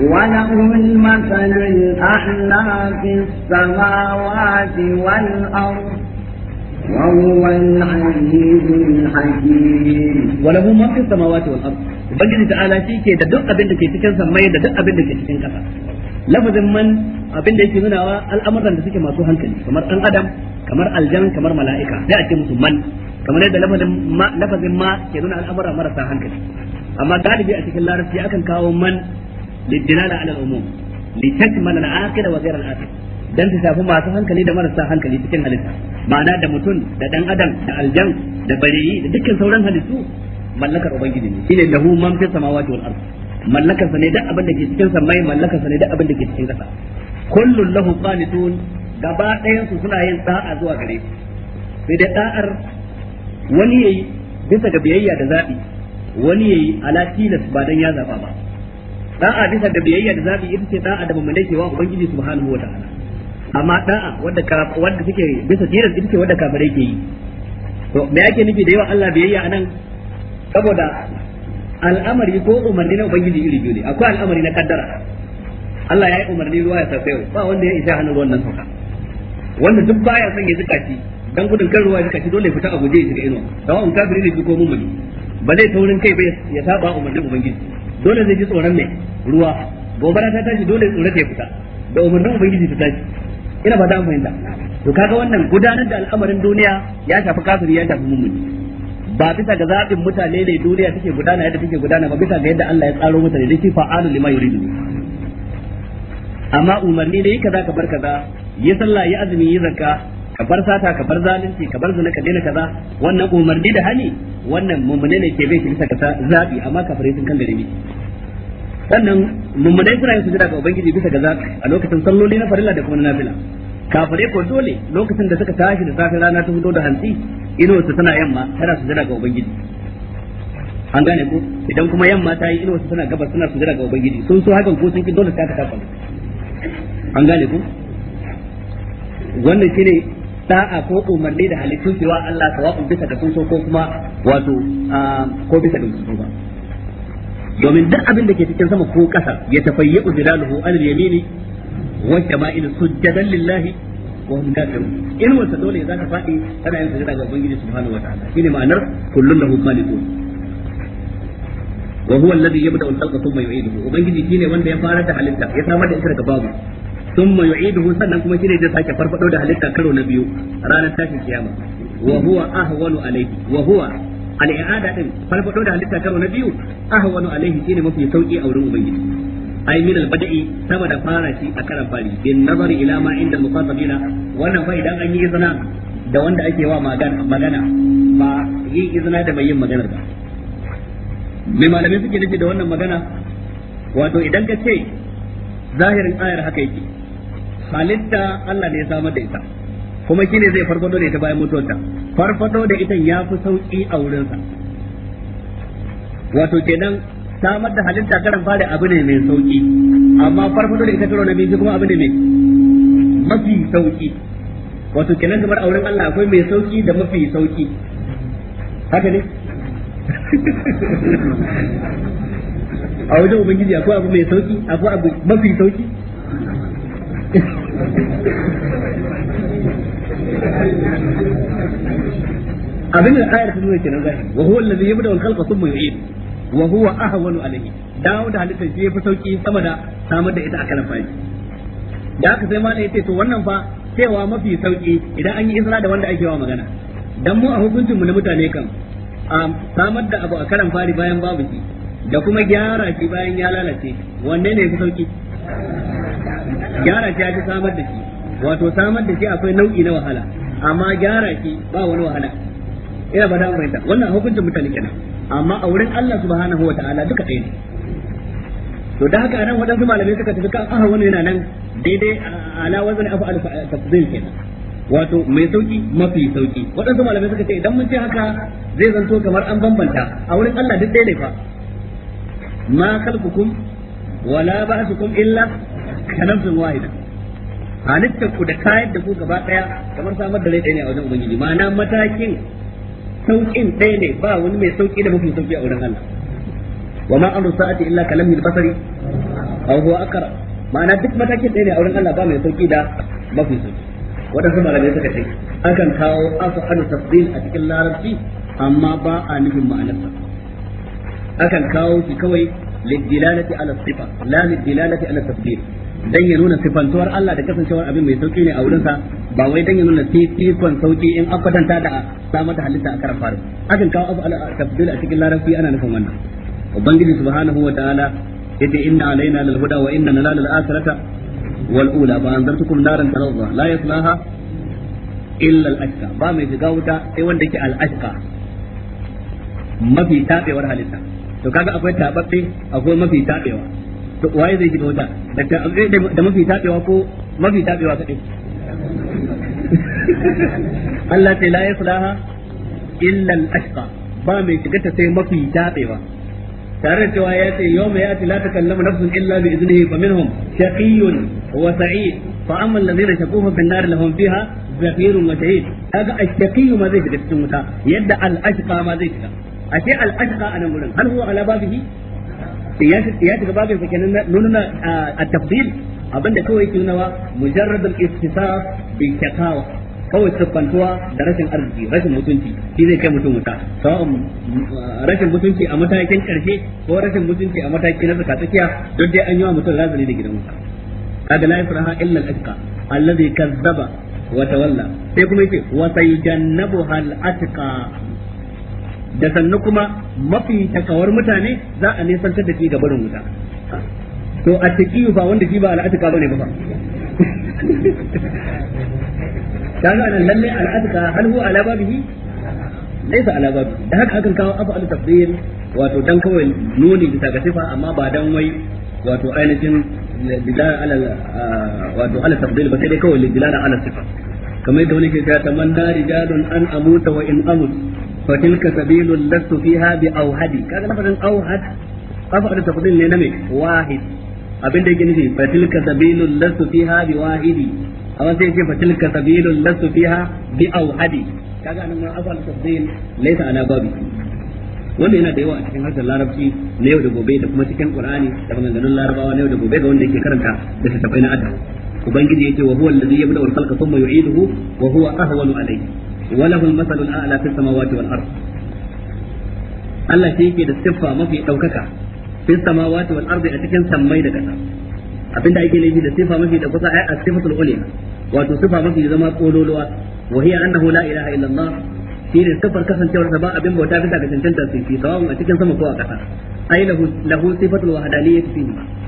وله المثل الأعلى في السماوات والأرض وهو العزيز الحكيم وله ما في السماوات والأرض ubangiji ta ala shi ke da duk abin da ke cikin samai da duk abin da ke cikin ƙasa lafazin man abin da yake nunawa al'amuran da suke masu hankali kamar dan adam kamar aljan kamar mala'ika sai ake musu man kamar yadda lafazin ma lafazin ma ke nuna al'amuran marasa hankali amma galibi a cikin larabci akan kawo man lidilala ala al-umum litakmala al'aqida wa ghayra al'aqida dan ta shafi masu hankali da marasa hankali cikin halitta ma'ana da mutum da dan adam da aljan da bariyi da dukkan sauran halittu mallakar ubangiji ne shine hu man fi samawati wal ard mallakar sa ne duk abin da ke cikin samai mallakar sa ne duk abin da ke cikin kasa kullun lahu qanitun gaba ɗayan su suna yin da'a zuwa gare shi sai da da'ar wani yayi bisa ga biyayya da zabi wani yayi ala tilas ba dan ya zaba ba da'a bisa ga biyayya da zabi ita ce da'a da wa ubangiji subhanahu wataala amma da'a wanda wanda suke bisa jiran ita ce wanda kafirai ke yi to me ake nufi da yawa Allah biyayya anan saboda al'amari ko umarni na ubangiji iri biyu ne akwai al'amari na kaddara Allah ya yi umarni ruwa ya tafi yau ba wanda ya isa hannun ruwan nan sauka wanda duk baya son ya zuka shi dan gudun kan ruwa ya zuka shi dole ya fita a guje ya shiga inuwa sawa in kafiri ne ko mun ba zai taurin kai ba ya saba umarnin ubangiji dole zai ji tsoron ne ruwa gobara ta tashi dole tsoron ta ya fita da umarnin ubangiji ta tashi ina ba da mu yanda to kaga wannan gudanar da al'amarin duniya ya shafi kafiri ya shafi mumuni ba bisa ga zaɓin mutane ne duniya take gudana yadda take gudana ba bisa ga yadda Allah ya tsaro mutane da shi fa'alu lima yuridu amma umarni ne kaza ka bar kaza yi sallah yi azumi yi zakka ka bar sata ka bar zalunci ka bar zina ka daina kaza wannan umarni da hani wannan mummune ne ke bai shi bisa a zabi amma kafirai sun kan da sannan mummunai suna yin sujada ga ubangiji bisa ga zaka a lokacin salloli na farilla da kuma na nafila kafare ko dole lokacin da suka tashi da safe rana ta fito da hantsi inuwar su tana yamma tana sujada ga ubangiji an gane ko idan kuma yamma ta yi inuwar su tana gabas suna sujada ga ubangiji sun so hakan ko sun ki dole ta ka tafa an gane ko wannan shine da'a ko umarni da halittun cewa Allah sawa'un bisa ga sun so ko kuma wato ah, ko bisa ga sun so ba domin duk abin da ke cikin sama ko ƙasa ya tafayya uzilaluhu al yamini wa shama'il sujjadan lillahi wa hum kafirun in wasa dole za ta fadi tana yin sujada ga ubangiji subhanahu wataala shine ma'anar kullun lahu qanitun wa huwa alladhi yabda'u al-khalqa thumma yu'iduhu ubangiji shine wanda ya fara da halitta ya samar da ita daga babu thumma yu'iduhu sannan kuma shine zai sake farfado da halitta karo na biyu ranar tashin kiyama wa huwa ahwanu alayhi wa huwa al-i'ada din farfado da halitta karo na biyu ahwanu alaihi shine mafi sauki a wurin ubangiji ai min al-bada'i sama da fara shi a karan fari bin nazari ila ma inda mukatabina wannan fa idan an yi izina da wanda ake wa magana magana ba yi izina da mai yin maganar ba mai malami suke nufi da wannan magana wato idan ka ce zahirin ayar haka yake halitta Allah ne ya samar da ita kuma shine zai farfado da ita bayan mutuwarta farfado da ita ya fi sauki a wurinsa wato kenan samar da halitta karan fari abu ne mai sauki amma farfado da ita karo na biyu kuma abu ne mai mafi sauki wato kenan kamar auren Allah akwai mai sauki da mafi sauki haka ne a wajen ubangiji akwai abu mai sauki akwai abu mafi sauki abin da ayar ta nuna kenan zahiri wa huwa allazi yabda wal khalqa thumma yu'id wa huwa ahwanu alayhi dawo da halitta shi yafi sauki sama da samar da ita a kalan fari da aka sai malai yace to wannan fa cewa mafi sauki idan an yi isra da wanda ake wa magana dan mu a hukuncin mu na mutane kan samar da abu a karan fari bayan babu shi da kuma gyara shi bayan ya lalace wanne ne ya fi sauki gyara shi ya fi samar da shi wato samar da shi akwai nau'i na wahala amma gyara shi ba wani wahala ina ba da fahimta wannan hukuncin mutane kenan amma a wurin Allah subhanahu wa ta'ala duka ɗaya ne to da haka nan waɗansu malamai suka tafi kan aha wani yana nan daidai ala wazan af'al tafdil kenan wato mai sauki mafi sauki waɗansu malamai suka ce idan mun ce haka zai zanto kamar an bambanta a wurin Allah duk ɗaya ne fa ma khalqukum wala ba'thukum illa kanafin wahidah halittar ku da kayan da ku gaba daya kamar samar da rai ɗaya ne a wajen ubangiji ma'ana matakin sauƙin ɗaya ne ba wani mai sauƙi da mafi sauƙi a wurin Allah wa ma amru sa'ati illa kalamhi al-basari aw huwa akara ma'ana duk matakin ɗaya ne a wurin Allah ba mai sauƙi da mafi sauki wadansu malamai suka ce akan kawo asu anu tafdil a cikin larabci amma ba a nufin ma'anarsa akan kawo shi kawai lidilalati ala sifa la lidilalati ala tafdil dan ya nuna sifantuwar Allah da kasancewar abin mai sauki ne a wurin sa ba wai dan ya nuna fifikon sauki in an da samar da halitta a karan fari akan kawo abu tafdil a cikin larabci ana nufin wannan ubangiji subhanahu wa ta'ala yace inna alaina lil huda wa inna lana lil akhirata wal ula ba anzartukum naran talazza la yaslaha illa al ashqa ba mai shiga wuta sai wanda yake al ashqa mafi tabewar halitta to kaga akwai tababbe akwai mafi tabewa waye zai shiga wuta eh, da mafi tabewa ko mafi tabewa kadai Allah ta la yaslaha illa al-ashqa ba mai shiga ta sai mafi tabewa tare da cewa ya ce yawma yati la takallamu nafsun illa bi idnihi fa minhum shaqiyyun wa sa'id fa amma alladhina shaqu fa fi an-nar lahum fiha zafirun wa sa'id kaga ash-shaqiyyu ma zai shiga cikin wuta yadda al-ashqa ma zai shiga ashe al-ashqa anan gurin hal huwa ala babihi ya shiga babin sa kenan nuna a tafdil abinda kawai yake nuna mujarrad al-istisaf bi shakawa kawai siffantuwa da rashin arziki rashin mutunci shi zai kai mutum wuta sawa'un rashin mutunci a matakin karshe ko rashin mutunci a mataki na tsakatsakiya duk dai an yi wa mutum razali da gidan wuta kaga la yafraha illa al-atqa alladhi kazzaba wa tawalla sai kuma yace wa sayujannabuha al-atqa da sannu kuma mafi takawar mutane za a nesantar da shi ga barin wuta to a taqiyu ba wanda shi ba al'atika bane ba kaga anan lalle al'atika hal huwa ala babihi laysa ala babihi da haka hakan kawo afal tafdil wato dan kawai nuni da ga sifa amma ba dan wai wato ainihin bidala ala wato ala tafdil ba sai dai kawai bidala ala sifa kamar da wani ke ta man da rijalun an amuta wa in amut fa tilka sabilul lastu fiha bi awhadi kaga lafazin awhad kafa da tafdil ne na me wahid abin da yake nufi fa tilka fiha bi wahidi amma sai yake fa tilka sabilul fiha bi ma ana babi wanda yana da yawa a cikin harshen larabci na yau da gobe da kuma cikin qur'ani da maganganun larabawa na yau da gobe ga wanda yake karanta da tafai na adam ubangiji yace wa huwa alladhi yabda al khalqa thumma yu'iduhu wa huwa ahwanu alayhi وله المثل الأعلى في السماوات والأرض Allah shi yake da siffa mafi ɗaukaka fi samawati wal ardi a cikin sammai da ƙasa abinda ake nufi da siffa mafi ɗaukaka ai as-sifatul ulya wato siffa mafi zama kololuwa wa hiya annahu la ilaha illa Allah shine siffar kasancewar ba abin bauta bisa ga cancanta su fi sawun a cikin sama ko a ƙasa ai lahu lahu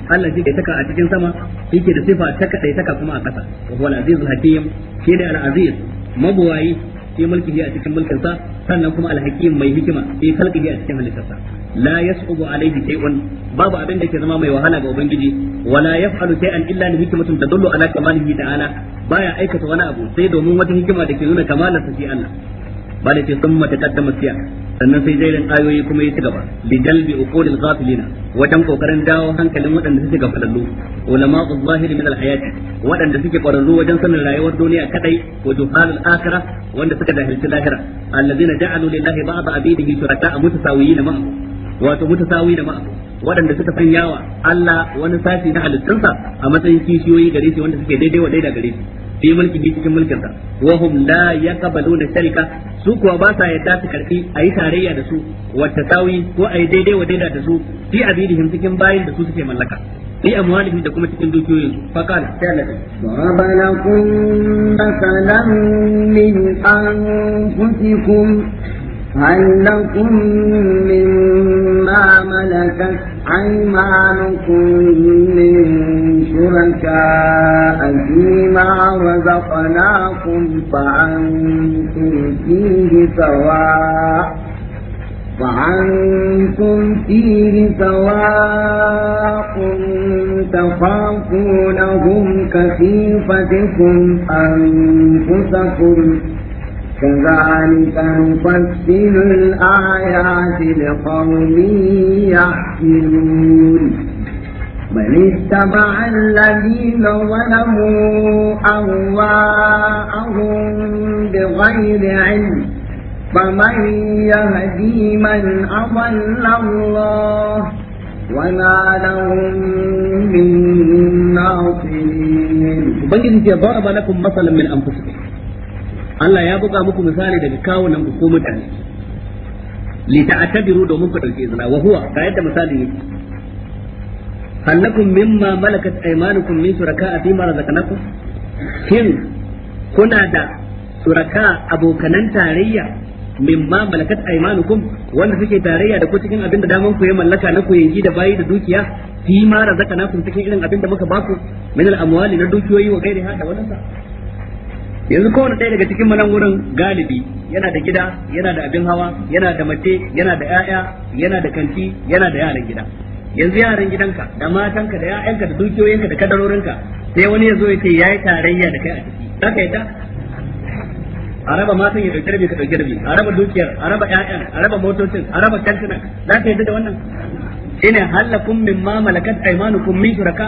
Allah shi ke a cikin sama yake da siffa ta kadai kuma a ƙasa wa huwa al hakim al-aziz mabuwayi fi mulkihi sannan kuma alhakim mai hikima fi khalqihi a cikin halittarsa la yas'ubu alayhi shay'un babu abin da ke zama mai wahala ga ubangiji wala yaf'alu shay'an illa li hikmatin tadullu da ana ba ya aikata wani abu sai domin wata hikima da ke nuna kamalarsa shi Allah bala ce sun mata kaddama siya sannan sai jerin ayoyi kuma ya ci gaba bi dalbi uqulil ghafilina wajen kokarin dawo hankalin waɗanda suke gafalallu ulama zahiri min alhayati waɗanda suke kwararru wajen sanin rayuwar duniya kadai ko juhalul akhirah wanda suka jahilci lahira alladhina ja'alu lillahi ba'd abidihi shuraka'a mutasawiyin ma'ahu wato mutasawi da ma'a waɗanda suka san yawa Allah wani sashi na halittunsa a matsayin kishiyoyi gare shi wanda suke daidai wa daida gare shi fi mulkihi cikin mulkin sa wa hum la yaqbaluna sharika su kuwa ba sa yadda su karfi ayi tarayya da su wa tasawi ko ayi daidai wa daidai da su fi abidihim cikin bayin da su suke mallaka fi amwalihim da kuma cikin dukiyoyin su fa qala sai Allah ta kun min anfusikum هل لكم مما ملكت أيمانكم من شركاء فيما رزقناكم فأنتم فيه سواء وعنكم فيه سواء تخافونهم كخيفتكم أنفسكم كذلك نفصل الآيات لقوم يعقلون بل اتبع الذين ظلموا أهواءهم بغير علم فمن يهدي من أضل الله وما لهم من ناصرين. وبنجد ضرب لكم مثلا من أنفسكم Allah ya buga muku misali daga kawunan ku mutane li ta'tabiru domin ku dauke zina wa huwa ga yadda misali yake halakum mimma malakat aymanukum min shuraka'a fi ma razaqnakum kin kuna da suraka abokanan tarayya mimma malakat aymanukum wanda suke tarayya da ku cikin abin da daman ku ya mallaka na ku yanki da bayi da dukiya fi ma razaqnakum cikin irin abin da muka baku min al amwali na dukiyoyi wa gairi hada wannan yanzu kowane ɗaya daga cikin manan wurin galibi yana da gida yana da abin hawa yana da mace yana da 'ya'ya yana da kanti yana da yaran gida yanzu yaran gidanka da matanka da 'ya'yanka da dukiyoyinka da kadarorinka sai wani ya zo ya ce ya yi tarayya da kai a ciki za ka yadda a raba matan ya ɗauki rabi ka ɗauki rabi a raba dukiyar a raba 'ya'yan a raba motocin a raba kantinan za ka yadda da wannan shine halakum mimma malakat aymanukum min shuraka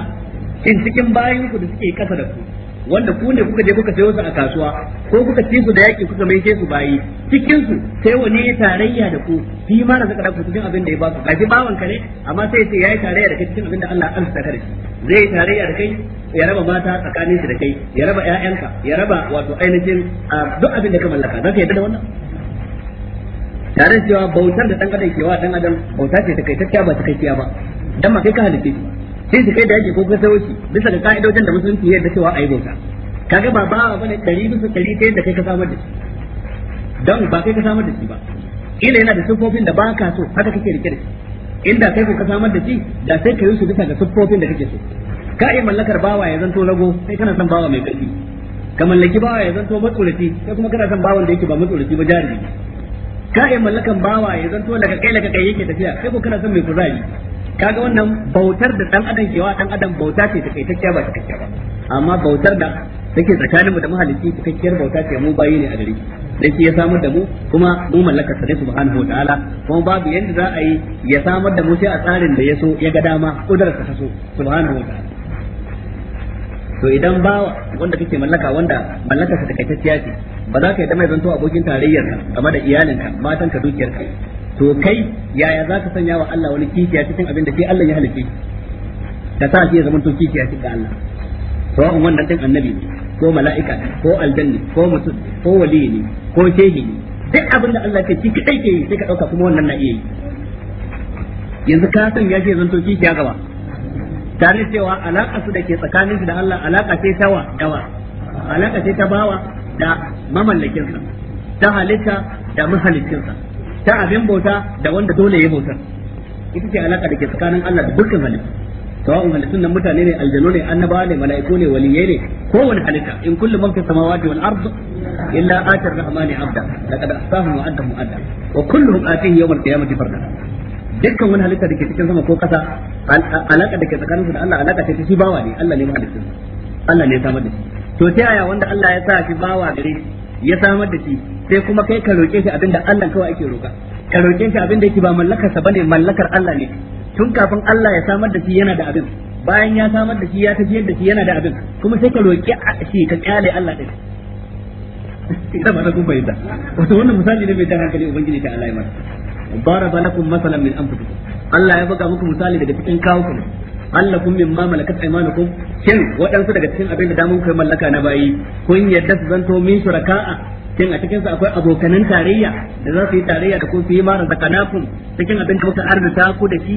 in cikin bayanku da suke kasa da ku wanda ku ne kuka je kuka sayo su a kasuwa ko kuka ci su da yaki kuka mai su bayi cikin su sai wani ya tarayya da ku shi ma da zaka ku cikin abin da ya ba ku gaji bawan ka ne amma sai sai yayi tarayya da kai cikin abin da Allah ya alsa kare zai yi tarayya da kai ya raba mata tsakanin shi da kai ya raba ƴaƴanka ya raba wato ainihin duk abin da ka mallaka zaka yadda da wannan tare cewa bautar da dan adam ke wa dan adam bauta ce ta kai ta ba ta kai ba dan ma kai ka halice sai su kai da yake ko kuma sayo bisa ga ka'idojin da musulunci yadda cewa a yi bauta kaga ba ba bane ɗari bisa ɗari ta yadda kai ka samar da shi don ba kai ka samar da shi ba ina yana da siffofin da ba ka so haka kake rike da shi inda kai ko ka samar da shi da sai ka yi su bisa ga siffofin da kake so ka yi mallakar bawa ya zanto rago sai kana son bawa mai ƙarfi ka mallaki bawa ya zanto matsoraci sai kuma kana son bawan da yake ba matsoraci ba jarumi ka yi mallakan bawa ya zanto daga kai daga kai yake tafiya sai ko kana son mai kuzari kaga wannan bautar da dan adam kewa dan adam bauta ce take ta ba take ba amma bautar da take tsakanin mu da mahalicci cikakkiyar bauta ce mu bayi ne a gare dan shi ya samar da mu kuma mu mallakar sa subhanahu wa ta'ala kuma babu yanda za a yi ya samar da mu sai a tsarin da ya so ya ga dama kudarar ta so subhanahu wa ta'ala to idan ba wanda kake mallaka wanda mallakar sa takaitacciya ce ba za ka yi da mai zanto abokin tarayyar ka game da iyalinka matanka dukiyarka to kai yaya za ka sanya wa Allah wani a cikin abin da ke Allah ya halitta ka sa shi ya zama to a cikin Allah Ko an wannan din annabi ne ko mala'ika ko aljanni ko mutum ko wali ne ko shehi ne duk abin da Allah ke shi kadai ke yi sai ka dauka kuma wannan na iya yi yanzu ka san ya ce zan to a gaba tare cewa alaka su da ke tsakanin su da Allah alaka ce ta wa dawa alaka ce ta bawa da mamallakin sa ta halitta da mahaliccin sa ta abin bauta da wanda dole ya bautar ita ce alaka da ke tsakanin Allah da dukkan halittu sawa'un halittun nan mutane ne aljanu ne annabawa ne mala'iku ne waliyai ne kowane halitta in kullu man fis samawati wal ard illa atir rahmani abda laqad ahsahum wa addahum adda wa kulluhum atihi yawm al-qiyamati farda dukkan wani halitta da ke cikin sama ko kasa alaka da ke tsakaninsu da Allah alaka ce ta shi bawa ne Allah ne mahaliccin Allah ne ya samar da shi to ta yaya wanda Allah ya sa shi bawa gare shi ya samar da shi sai kuma kai ka roƙe shi abinda Allah kawai ake roƙa ka roƙe shi abinda yake ba mallakar sa bane mallakar Allah ne tun kafin Allah ya samar da shi yana da abin bayan ya samar da shi ya tafiyar da shi yana da abin kuma sai ka roƙe shi ka kyale Allah din ita ba kun fahimta wato wannan misali ne mai dan hankali ubangiji ta Allah ya masa daraba lakum masalan min anfusikum Allah ya buga muku misali daga cikin kawukanku allakum mimma malakat aymanukum kin waɗansu daga cikin abin da damun kai mallaka na bayi kun yadda su zanto min shuraka'a kin a cikin su akwai abokanan tarayya da za su yi tarayya da ku su yi mara kanafun cikin abin da muka arzuta ku da shi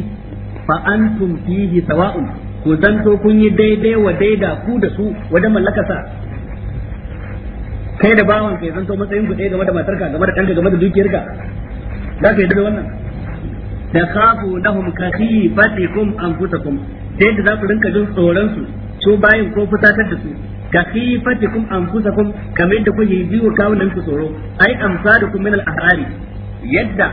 fa antum fihi sawa'un ku zanto kun yi daidai wa daida ku da su wajen mallakasa kai da bawan kai zanto matsayin ku ɗaya game da matarka game da ɗanka game da dukiyarka za ka yi da wannan takhafunahum ka an anfusakum sai da za ku rinka jin tsoron su su bayin ko fusatar da su ka khifatikum anfusakum kamar da kuke ji wa kawunan ku tsoro ai amsalukum min al ahari yadda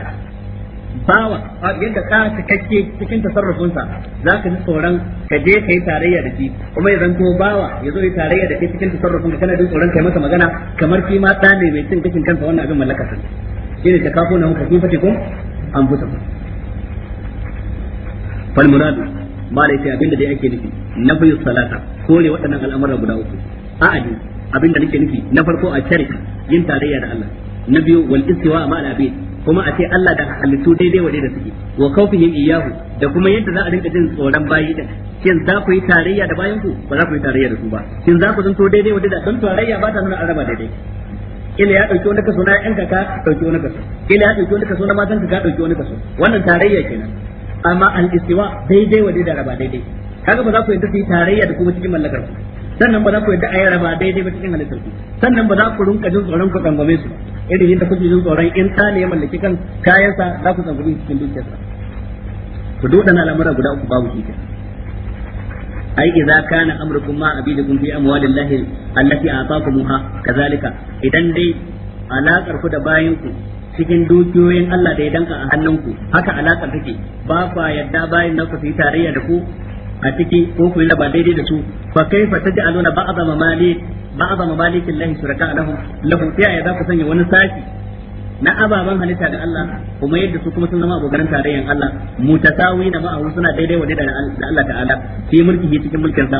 bawa yadda ka cikakke cikin tasarrufinsa za ka ji tsoron ka je ka yi tarayya da shi kuma ya zanto bawa ya zo yi tarayya da shi cikin tasarrufin ka kana jin tsoron kai masa magana kamar shi ma ɗa ne mai cin gashin kansa wannan abin mallaka sa shine ta kafo na muka kun an busa fal murad ba da abin abinda dai ake nufi na nafi salata kore waɗannan al'amuran guda uku a a'adi abinda nake nufi na farko a sharika yin tarayya da Allah na biyu wal istiwa ma al abid kuma a ce Allah da halittu daidai wa da suke wa kaufihim iyahu da kuma yadda za a rinka jin tsoron bayi da kin za ku yi tarayya da bayan ku ba za ku yi tarayya da su ba kin za ku to daidai wa da don tarayya ba ta nuna araba daidai ila ya dauki wani kaso na yan kaka dauki wani kaso ila ya dauki wani kaso na matan ka dauki wani kaso wannan tarayya kenan amma al-istiwa daidai wa da raba daidai kaga ba za ku yadda su yi tarayya da kuma cikin mallakar ku sannan ba za ku yadda ayi raba daidai ba cikin halittar ku sannan ba za ku rinka jin tsoron ku tsangwame su irin yadda kuke jin tsoron in tsale ya mallaki kan kayansa za ku tsangwame cikin dukiyarsa to duk na lamura guda uku babu shi ai idza kana amrukum ma abidukum fi amwalillahi allati ataakumha ha kazalika idan dai alaqar ku da bayin ku cikin dukiyoyin Allah da ya danka a hannunku haka alaka take ba ku yadda bayan na ku yi tarayya da ku a ciki ko ku yi ba daidai da su fa kaifa taj'aluna ba'd mamalik ba'd mamalik Allah shuraka lahum lahum lahu ya za ku sanya wani saki na ababan halitta da Allah kuma yadda su kuma sun zama abokan tarayyan Allah mutasawi na ma'ahu suna daidai wa da Allah ta'ala fi mulkihi cikin mulkin sa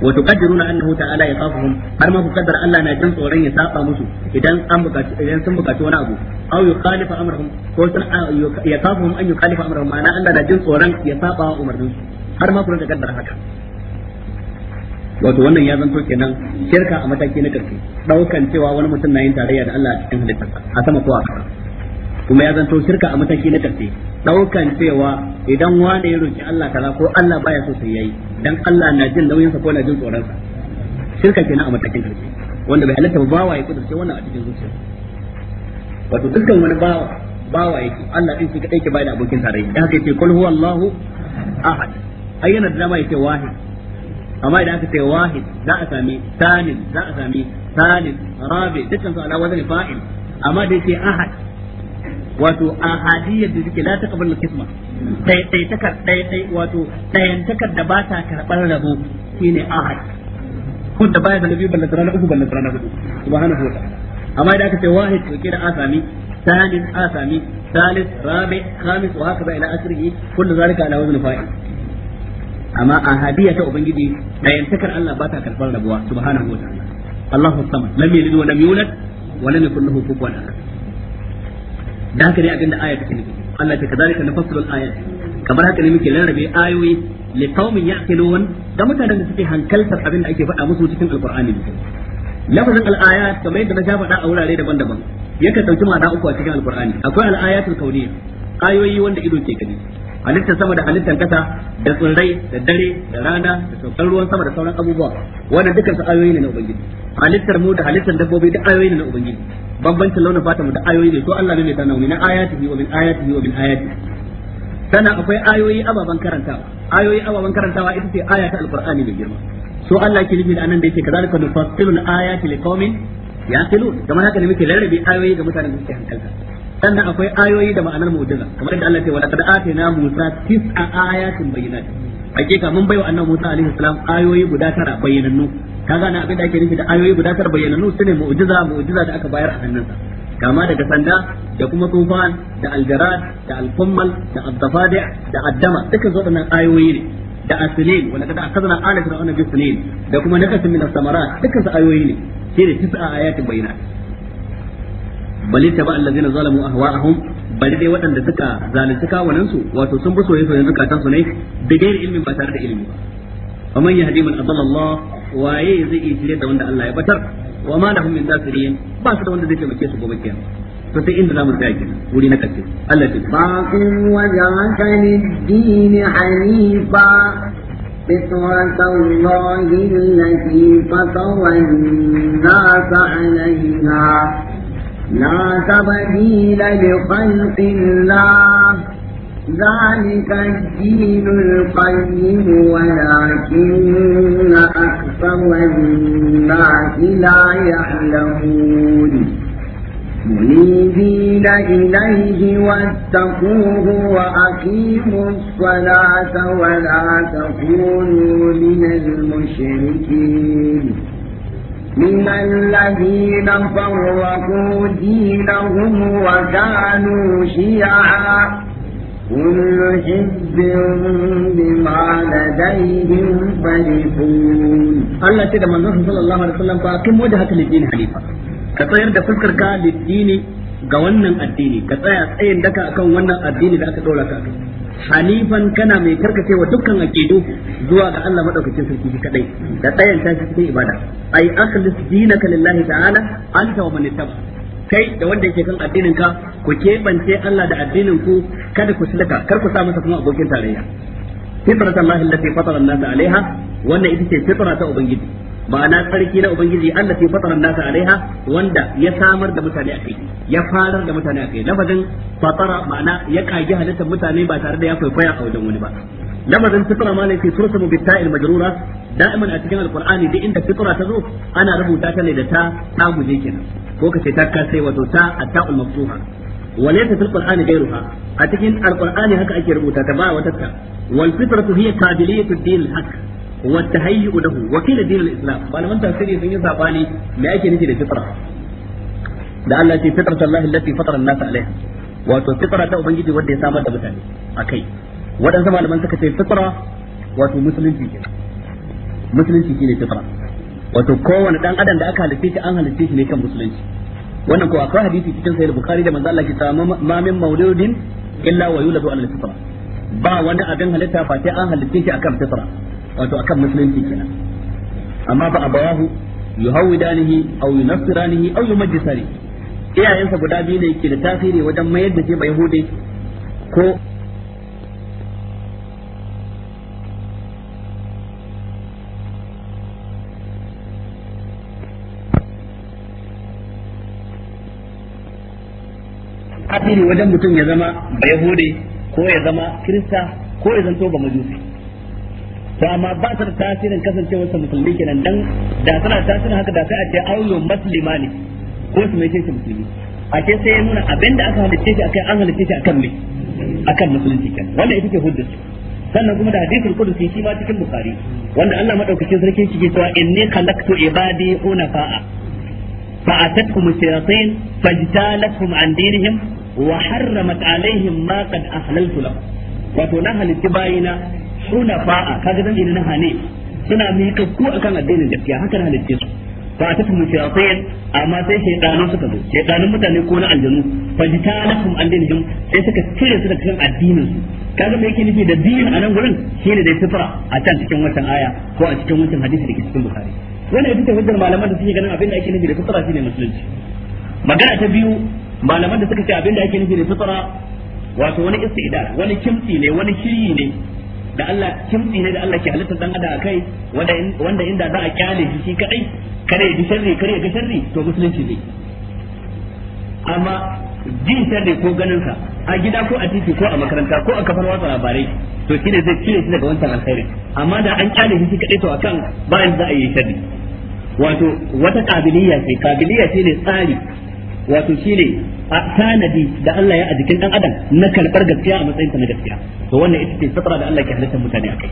wa tuqaddiruna annahu ta'ala yakhafuhum har ma ku Allah na jin tsoron ya saba musu idan an bukaci idan sun bukaci wani abu aw yukhalifa amrahum ko sun yakhafuhum an yukhalifa amrahum ma'ana Allah na jin tsoron ya saba umarnin su har ma ku kaddara haka wato wannan ya zanto kenan shirka a mataki na karshe daukan cewa wani mutum na yin tarayya da Allah a cikin halittarsa a sama ko a kasa kuma ya zanto shirka a mataki na karshe daukan cewa idan wanda ya roki Allah kaza ko Allah baya so sai yayi dan Allah na jin nauyin sa ko na jin tsoron sa shirka kenan a matakin karshe wanda bai halatta bawa ya kudurce wannan a cikin zuciya wato dukkan wani bawa bawa yake Allah din shi kadai ke bai da abokin tarayya dan haka yace kul huwallahu ahad ayyana da dama yace wahid amma idan aka ce wahid za a sami tanin za a sami tanin rabi dukkan su ala wazni fa'il amma da ce ahad wato ahadiyyar da suke la taqbalu kisma dai dai takar dai wato dayan takar da ba ta karbar rabo shine ahad kun da baya da nabi ballan na uku ballan rana hudu subhanahu wa amma idan aka ce wahid to kira asami ثالث آسامي ثالث رابع خامس وهكذا إلى آخره كل ذلك على وزن فاعل أما أهدية أبنجدي لا ينتكر الله wa كالفرد سبحانه وتعالى الله الصمد لم يلد ولم يولد ولم يكن له كفوا أحد da haka ne abinda aya take nufi Allah ta kazalika nafsul ayat kamar haka ne muke larabe ayoyi li qaumin ya'qilun da mutanen da suke hankaltar abin da ake faɗa musu cikin alqur'ani lafazin al-ayat kamar yadda na sha faɗa a wurare daban-daban yakan dauki ma'ana uku a cikin alqur'ani akwai al-ayatul kauniyya ayoyi wanda ido ke gani halittar sama da halittar kasa da tsirrai da dare da rana da saukar ruwan sama da sauran abubuwa wannan dukkan su ayoyi ne na ubangiji halittar mu da halittar dabbobi duk ayoyi ne na ubangiji bambancin launin fata mu da ayoyi ne to Allah ne mai sanar na ayatihi wa min ayatihi wa min ayati sana akwai ayoyi ababan karantawa ayoyi ababan karantawa ita ce aya alqur'ani mai girma so Allah ke nufi da anan da yake kazalika nufassilul ayati liqaumin yaqilun kamar haka ne muke rarrabe ayoyi ga mutanen da suke hankalta sannan akwai ayoyi da ma'anar mu'jiza kamar yadda Allah ya ce wa laqad atayna musa tis'a ayatin bayyinat hakika mun baiwa annabi Musa alaihi salam ayoyi guda tara bayyanannu Ka gane abin da ake nufi da ayoyi guda tar bayyananu su ne mu'jiza mu'jiza da aka bayar a sa. kama daga sanda da kuma tufan da aljarad da alfummal da addafadi da addama dukkan waɗannan ayoyi ne da asilin wanda kada akazna ala fir'auna bi silin da kuma nakasin min as-samarat dukkan su ayoyi ne sai da tis'a ayatin bayyana bal taba allazina zalamu ahwa'ahum bari dai waɗanda suka zalunci kawunan su wato sun bi soyayya soyayya zakatansu ne da gairi ilmin ba tare da ilimi ba wa man yahdi man adalla Allah waye zai iya shirye da wanda Allah ya batar wa ma lahum min nasirin ba su da wanda zai taimake su gobe kiyama to sai inda zamu tsaya kenan wuri na kace Allah ya faqul wa ja'aka lid-din hanifa فطرة الله التي فطر الناس عليها لا تبديل لخلق الله ذلك الدين القيم ولكن أكثر الناس لا يعلمون منيبين إليه واتقوه وأقيموا الصلاة ولا تكونوا من المشركين من الذين فرقوا دينهم وكانوا شيعا كل حزب بما لديهم فرحون الله سيدة من صلى الله عليه وسلم فأقم وجهك للدين كطير da fuskar ka ga wannan addini ka tsaya tsayin daka akan wannan addini da aka dora ka hanifan kana mai karkacewa dukkan akidu zuwa ga Allah madaukakin sarki kadai da tsayin ta cikin ibada ai akhlis dinaka lillahi ta'ala anta wa man ittaba kai da wanda yake kan addinin ka ku keɓance Allah da addinin ku kada ku shirka kar ku sa masa kuma abokin tarayya fitrat Allah allati fatara an nasa 'alaiha wannan ita ce fitra ta ubangiji ma'ana tsarki na ubangiji Allah fi fatara an nasa 'alaiha wanda ya samar da mutane akai ya farar da mutane akai lafazin fatara ma'ana ya kage halittar mutane ba tare da ya kwaikwaya a wajen wani ba Lamarin fitra ma ne ke tursamu bi ta'il majrura da'iman a cikin alqur'ani duk inda fitra ta zo ana rubuta ta ne da ta ta guje kenan ko ka ta kasai wato ta at-ta'ul maftuha وليس في القرآن غيرها أتكين القرآن هكا أكي ربوتا تبا وتتا والفطرة هي قابلية الدين الحق والتهيئ له وكيل دين الإسلام قال من تفسيري سنجي صعباني ما أكي نجي لفطرة da Allah ce fitrat Allah allati fatara an-nas alaiha wato fitra ta ubangiji wanda ya samar da mutane kai. waɗansu malaman suka ce fitra wato musulunci ke musulunci shine fitra wato kowane dan adam da aka halitta shi an halitta shi ne kan musulunci wannan ko akwai hadisi cikin sahih bukhari da manzo Allah ke cewa ma min mawludin illa wa yuladu ala fitra ba wani abin halitta fa sai an halitta shi akan fitra wato akan musulunci kenan amma fa abawahu yuhawidanihi aw yunassiranihi aw yumajjisani iyayensa guda biyu ne ke da tasiri wajen mayar da shi ba yahudi ko asiri wajen mutum ya zama bayahudi ko ya zama kirista ko ya zanto ba majusi to amma ba ta da tasirin kasancewar sa musulmi kenan dan da tana tasirin haka da sai a ce auyo muslimani ko su mai ce musulmi a ce sai ya nuna abinda aka halitta shi akai an halitta shi akan me akan musulunci kenan wanda ita ce hujjar sannan kuma da hadisul qudsi shi ma cikin bukhari wanda Allah madaukakin sarki shi ke cewa inni khalaqtu ibadi hunafa'a fa atatkum shayatin fajtalakum an dinihim wa harramat alaihim ma qad ahlaltu lahum wato na halitti bayina hunafa'a kaga dan ina hane suna mika ku akan addinin gaskiya haka na halitte su fa ta atatuhum shayatin amma sai shaytanu suka zo shaytanun mutane ko na aljanu fa jitalakum an dinhum sai suka cire su daga addinin su kaga me yake nufi da din a nan gurin shine dai sifra a can cikin wannan aya ko a cikin wannan hadisi da ke cikin bukhari wannan ita ce hujjar malaman da suke ganin abin da yake nufi da sifra shine musulunci magana ta biyu malaman da suka ce abin da ake nufi da sutura wato wani istidar wani kimtsi ne wani shiri ne da Allah kimtsi ne da Allah ke halittar dan adam akai wanda wanda inda za a kyale shi shi kadai kare ya sharri kare ya ga sharri to musulunci ne amma jin sharri ko ganin sa a gida ko a titi ko a makaranta ko a kafar watsa labarai to shi ne zai cire shi daga wancan alkhairi amma da an kyale shi kadai to akan bayan za a yi sharri wato wata kabiliya ce kabiliya ce ne tsari wato shine a tanadi da Allah ya a jikin dan adam na karbar gaskiya a matsayin ta na gaskiya to wannan ita ce satara da Allah ke halitta mutane akai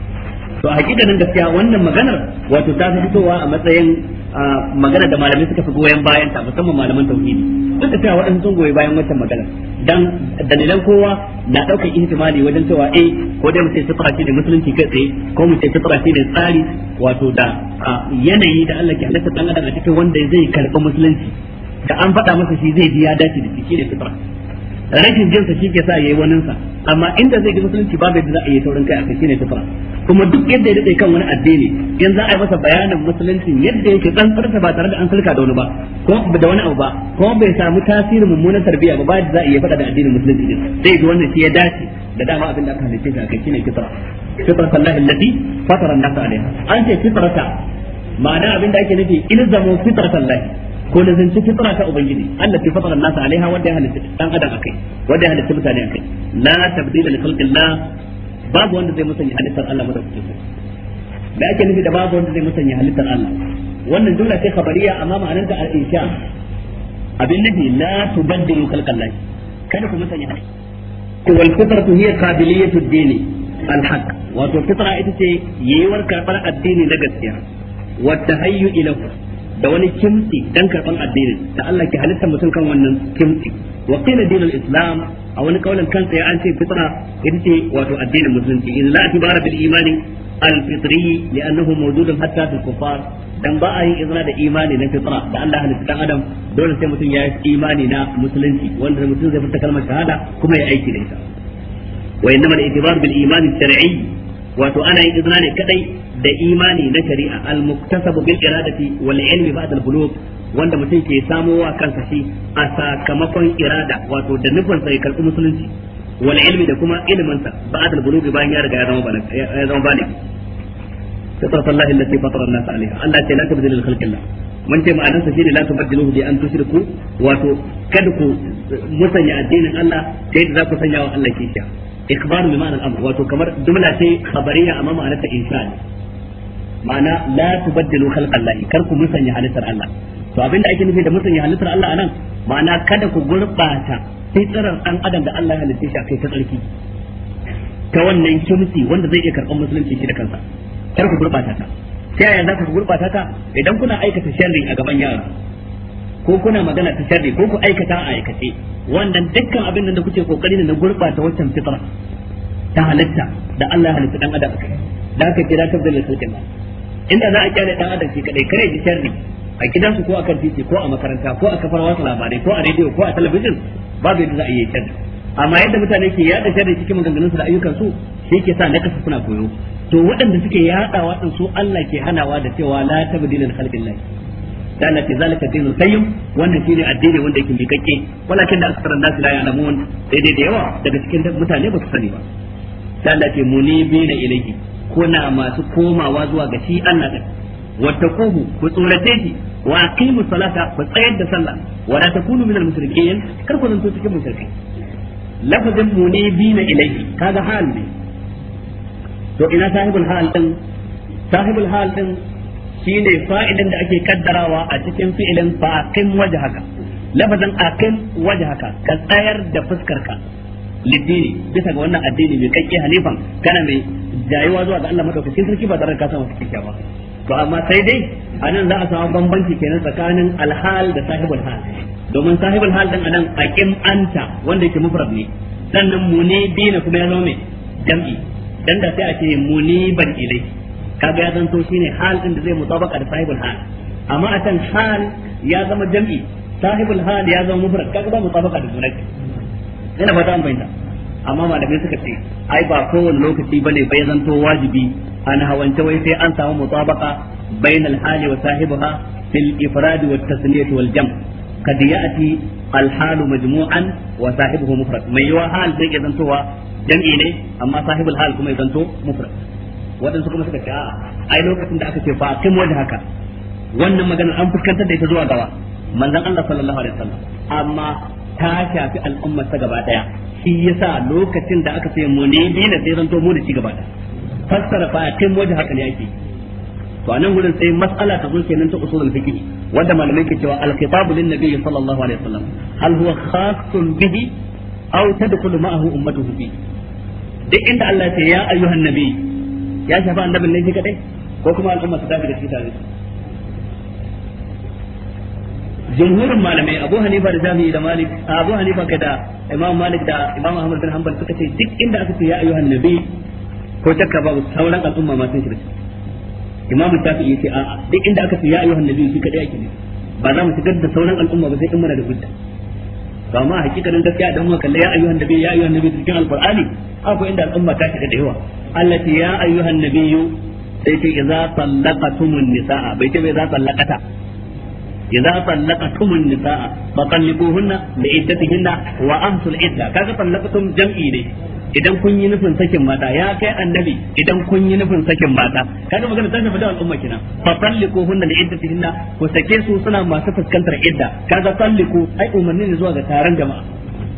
to a hakikanin gaskiya wannan maganar wato ta fi fitowa a matsayin magana da malamai suka fi goyon bayan ta musamman malaman tauhidi duk da cewa waɗansu sun goyi bayan wannan magana dan dalilan kowa na ɗaukar ihtimali wajen cewa eh ko dai mutai fitra ce da musulunci kai tsaye ko mutai fitra ce da tsari wato da yanayi da Allah ke halitta dan adam a cikin wanda zai karɓi musulunci da an faɗa masa shi zai ji ya dace da shi ne fitra rashin jinsa shi ke sa yayi sa. amma inda zai ga musulunci babu yadda za a yi taurin kai a kai shine fitra kuma duk yadda ya dade kan wani addini in za a yi masa bayanin musulunci yadda yake farsa ba tare da an sulka da wani ba ko da wani abu ba ko bai samu tasirin mummunan tarbiyya ba ba za a iya faɗa da addinin musulunci din sai ga wannan shi ya dace da dama abin da aka halice shi a kai shine fitra fitra sallahi allati fatara an alaiha an ce fitrata ma'ana abin da ake nufi ilzamu fitratan ko da fitra ta ubangiji Allah ta nasa alaiha wanda ya halitta dan adam akai wanda ya halitta mutane akai la tabdila li khalqillah babu wanda zai musanya halittar Allah da ake nufi da babu wanda zai musanya halittar Allah wannan jumla ce khabariya amma ma'anar ta al-insha abin nufi la tubaddilu khalqillah kada ku musanya wal fitratu hiya qabiliyatu ad-dini al-haq wato fitra ita ce yayyawar karbar addini na gaskiya wa tahayyu ilahu da wani kimti dan karban addinin da Allah ke halitta mutum kan wannan kimti wa qila dinul islam a wani kaulan kansa ya an ce fitra ita ce wato addinin musulunci in la tibara bil imani al fitri li'annahu mawjudun hatta fil kufar dan ba a yin izina da imani na fitra da Allah halitta dan adam dole sai mutum ya yi imani na musulunci wanda mutum zai fita kalmar shahada kuma ya aiki da ita wa innama al itibar bil imani shar'i wato ana yin izina ne kadai da imani na shari'a al-muktasabu bil iradati wal ilmi ba'da al wanda mutum ke samo wa kansa shi a sakamakon irada wato da nufin sai karɓi musulunci wal ilmi da kuma ilimin sa ba'da al bayan ya riga ya zama bana ya zama bana allati fatara an-nas 'alayha Allah khalqillah mun ce ma'anar sa shine la bi an tushriku wato kada ku eh, musanya addinin Allah sai da za ku sanya wa Allah kishiya ikbaru bi ma'anar amr wato kamar jumla ce khabariya amma ma'anar ta insani ma'ana la tubaddilu khalqallahi kar ku musanya halittar Allah to abinda ake nufi da musanya halittar Allah anan ma'ana kada ku gurbata fitarar an adam da Allah ya halitta shi akai ta tsarki ta wannan kimsi wanda zai iya karɓar musulunci shi da kansa kar ta ta yaya za ku gurbata ta idan kuna aikata sharri a gaban yara ko kuna magana ta sharri ko ku aikata a aikace wannan dukkan abin da kuke kokari ne na gurbata waccan fitra ta halitta da Allah halitta dan adam da ka kira ta da sulkin inda za a kyale dan adam shi kadai kare ji sharri a gidansu ko a kan titi ko a makaranta ko a kafar wasu labarai ko a rediyo ko a talabijin babu yadda za a yi sharri amma yadda mutane ke yada sharri cikin maganganunsu da su shi ke sa na kasa suna koyo to waɗanda suke yadawa ɗin su Allah ke hanawa da cewa la tabdilal khalqillah da Allah ke zalika dinul qayyim wannan shine addini wanda yake bikakke walakin da aksaran nasu la ya'lamun sai dai da yawa daga cikin mutane ba su sani ba da Allah ke munibina ilayhi kuna masu komawa zuwa ga shi Allah din wattaquhu ku tsorace shi wa aqimu salata tsayar da sallah wa la takunu minal mushrikeen kar ku to ina sahibul hal din shine fa'idan da ake kaddarawa a cikin fi'ilin fa wajhaka lafazin aqim wajhaka ka tsayar da fuskarka lidini bisa ga wannan addini mai kakke halifan kana mai jayewa zuwa ga Allah madaukakin sarki ba tare da ka samu kike ba to amma sai dai anan za a samu bambanci kenan tsakanin alhal da sahibul hal domin sahibul hal din anan aqim anta wanda yake mufrad ne sannan na kuma ya zama mai jam'i dan da sai a ce ban ilai kaga ya zanto shine hal din da zai mutabaka da sahibul hal amma a can hal ya zama jam'i sahibul hal ya zama mufrad kaga ba mutabaka da juna ina fata an bayyana amma malamai suka ce ai ba kowane lokaci bane bai zanto wajibi an hawance wai sai an samu mutabaka bainal hali wa sahibiha fil ifrad wa tasniyah wal jam' kad ya'ti al halu majmu'an wa sahibuhu mufrad mai yawa hal zai zantowa jam'i ne amma sahibul hal kuma ya zanto mufrad waɗansu kuma suka ce a, ai lokacin da aka ce ba a kai mu haka wannan maganar an fuskantar da ita zuwa gawa manzon Allah sallallahu alaihi wasallam amma ta shafi al'ummar ta gaba daya shi yasa lokacin da aka ce mu ne dina sai zanto mu da shi gaba fassara fa kai mu haka ne yake to anan gurin sai mas'ala ta zo kenan ta usulul fiqh wanda malamai ke cewa al-khitabu lin nabiy sallallahu alaihi wasallam hal huwa khassun bihi aw tadkhulu ma'ahu ummatuhu bihi duk inda Allah ya ce ya ayyuhan nabiy ya shafi annabin ne shi kadai ko kuma al'umma su tafi da shi tare jumhurin malamai Abu Hanifa da Shafi'i da Malik Abu Hanifa kai da Imam Malik da Imam Ahmad bin Hanbal suka ce duk inda aka ce ya ayyuhan nabi ko takka babu sauran al'umma ma sun shirka Imam tafi yace a'a duk inda aka ce ya ayyuhan nabi shi kadai ake ne ba za mu shigar da sauran al'umma ba sai in muna da gudda ba ma hakikanin gaskiya dan muka kalle ya ayyuhan nabi ya ayyuhan nabi cikin alqur'ani akwai inda al'umma ta shiga da yawa allati ya ayyuhan nabiyyu sai ce idza sallaqatumun nisaa bai ce bai za sallaqata idza sallaqtum an-nisaa fa talliquhunna li iddatihinna wa amsul idda kaga sallaqtum jam'i ne idan kun yi nufin sakin mata ya kai annabi idan kun yi nufin sakin mata kaga magana ta shafi da al'umma kina fa talliqu hunna li iddatihinna ku sake su suna masu fuskantar idda kaga talliqu ai umarni ne zuwa ga taron jama'a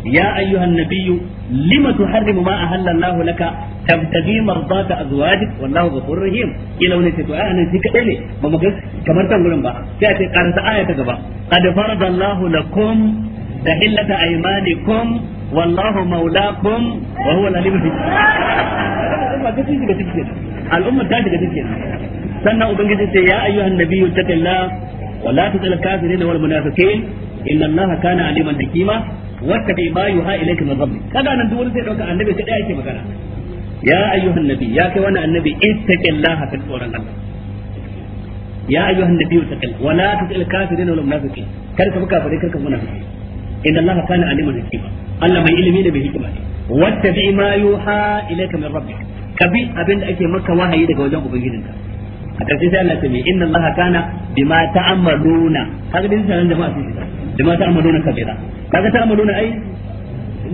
يا أيها النبي لم تحرم ما أهل الله لك تبتغي مرضات أزواجك والله غفور رحيم إلى أن تتوى أنا نسيك إلي بمقص كما تنقلن بها تأتي قارت آية كبا قد فرض الله لكم تحلة أيمانكم والله مولاكم وهو العليم الحكيم الأمة تاتي كتبتين سنة أبنجي يا أيها النبي اتق الله ولا تطع الكافرين والمنافقين إن الله كان عليما حكيما wattabi ma yuha ilayka min rabbik kada nan duk wani sai dauka annabi sai daya yake magana ya ayyuhan nabi ya kai wani annabi ittaqillaha ka tsoron Allah ya ayyuhan nabi ittaqil wa la tutil kafirin wal munafiqin kar ka buka fare kar ka munafiki inna Allah kana aliman hakima Allah mai ilimi da mai hikima ne wattabi ma yuha ilayka min rabbik kabi abinda ake maka wahayi daga wajen ubangijinka a ƙarshe sai Allah ya ce inna Allah kana bima ta'amaluna kaga din sanan jama'a sun kaga ai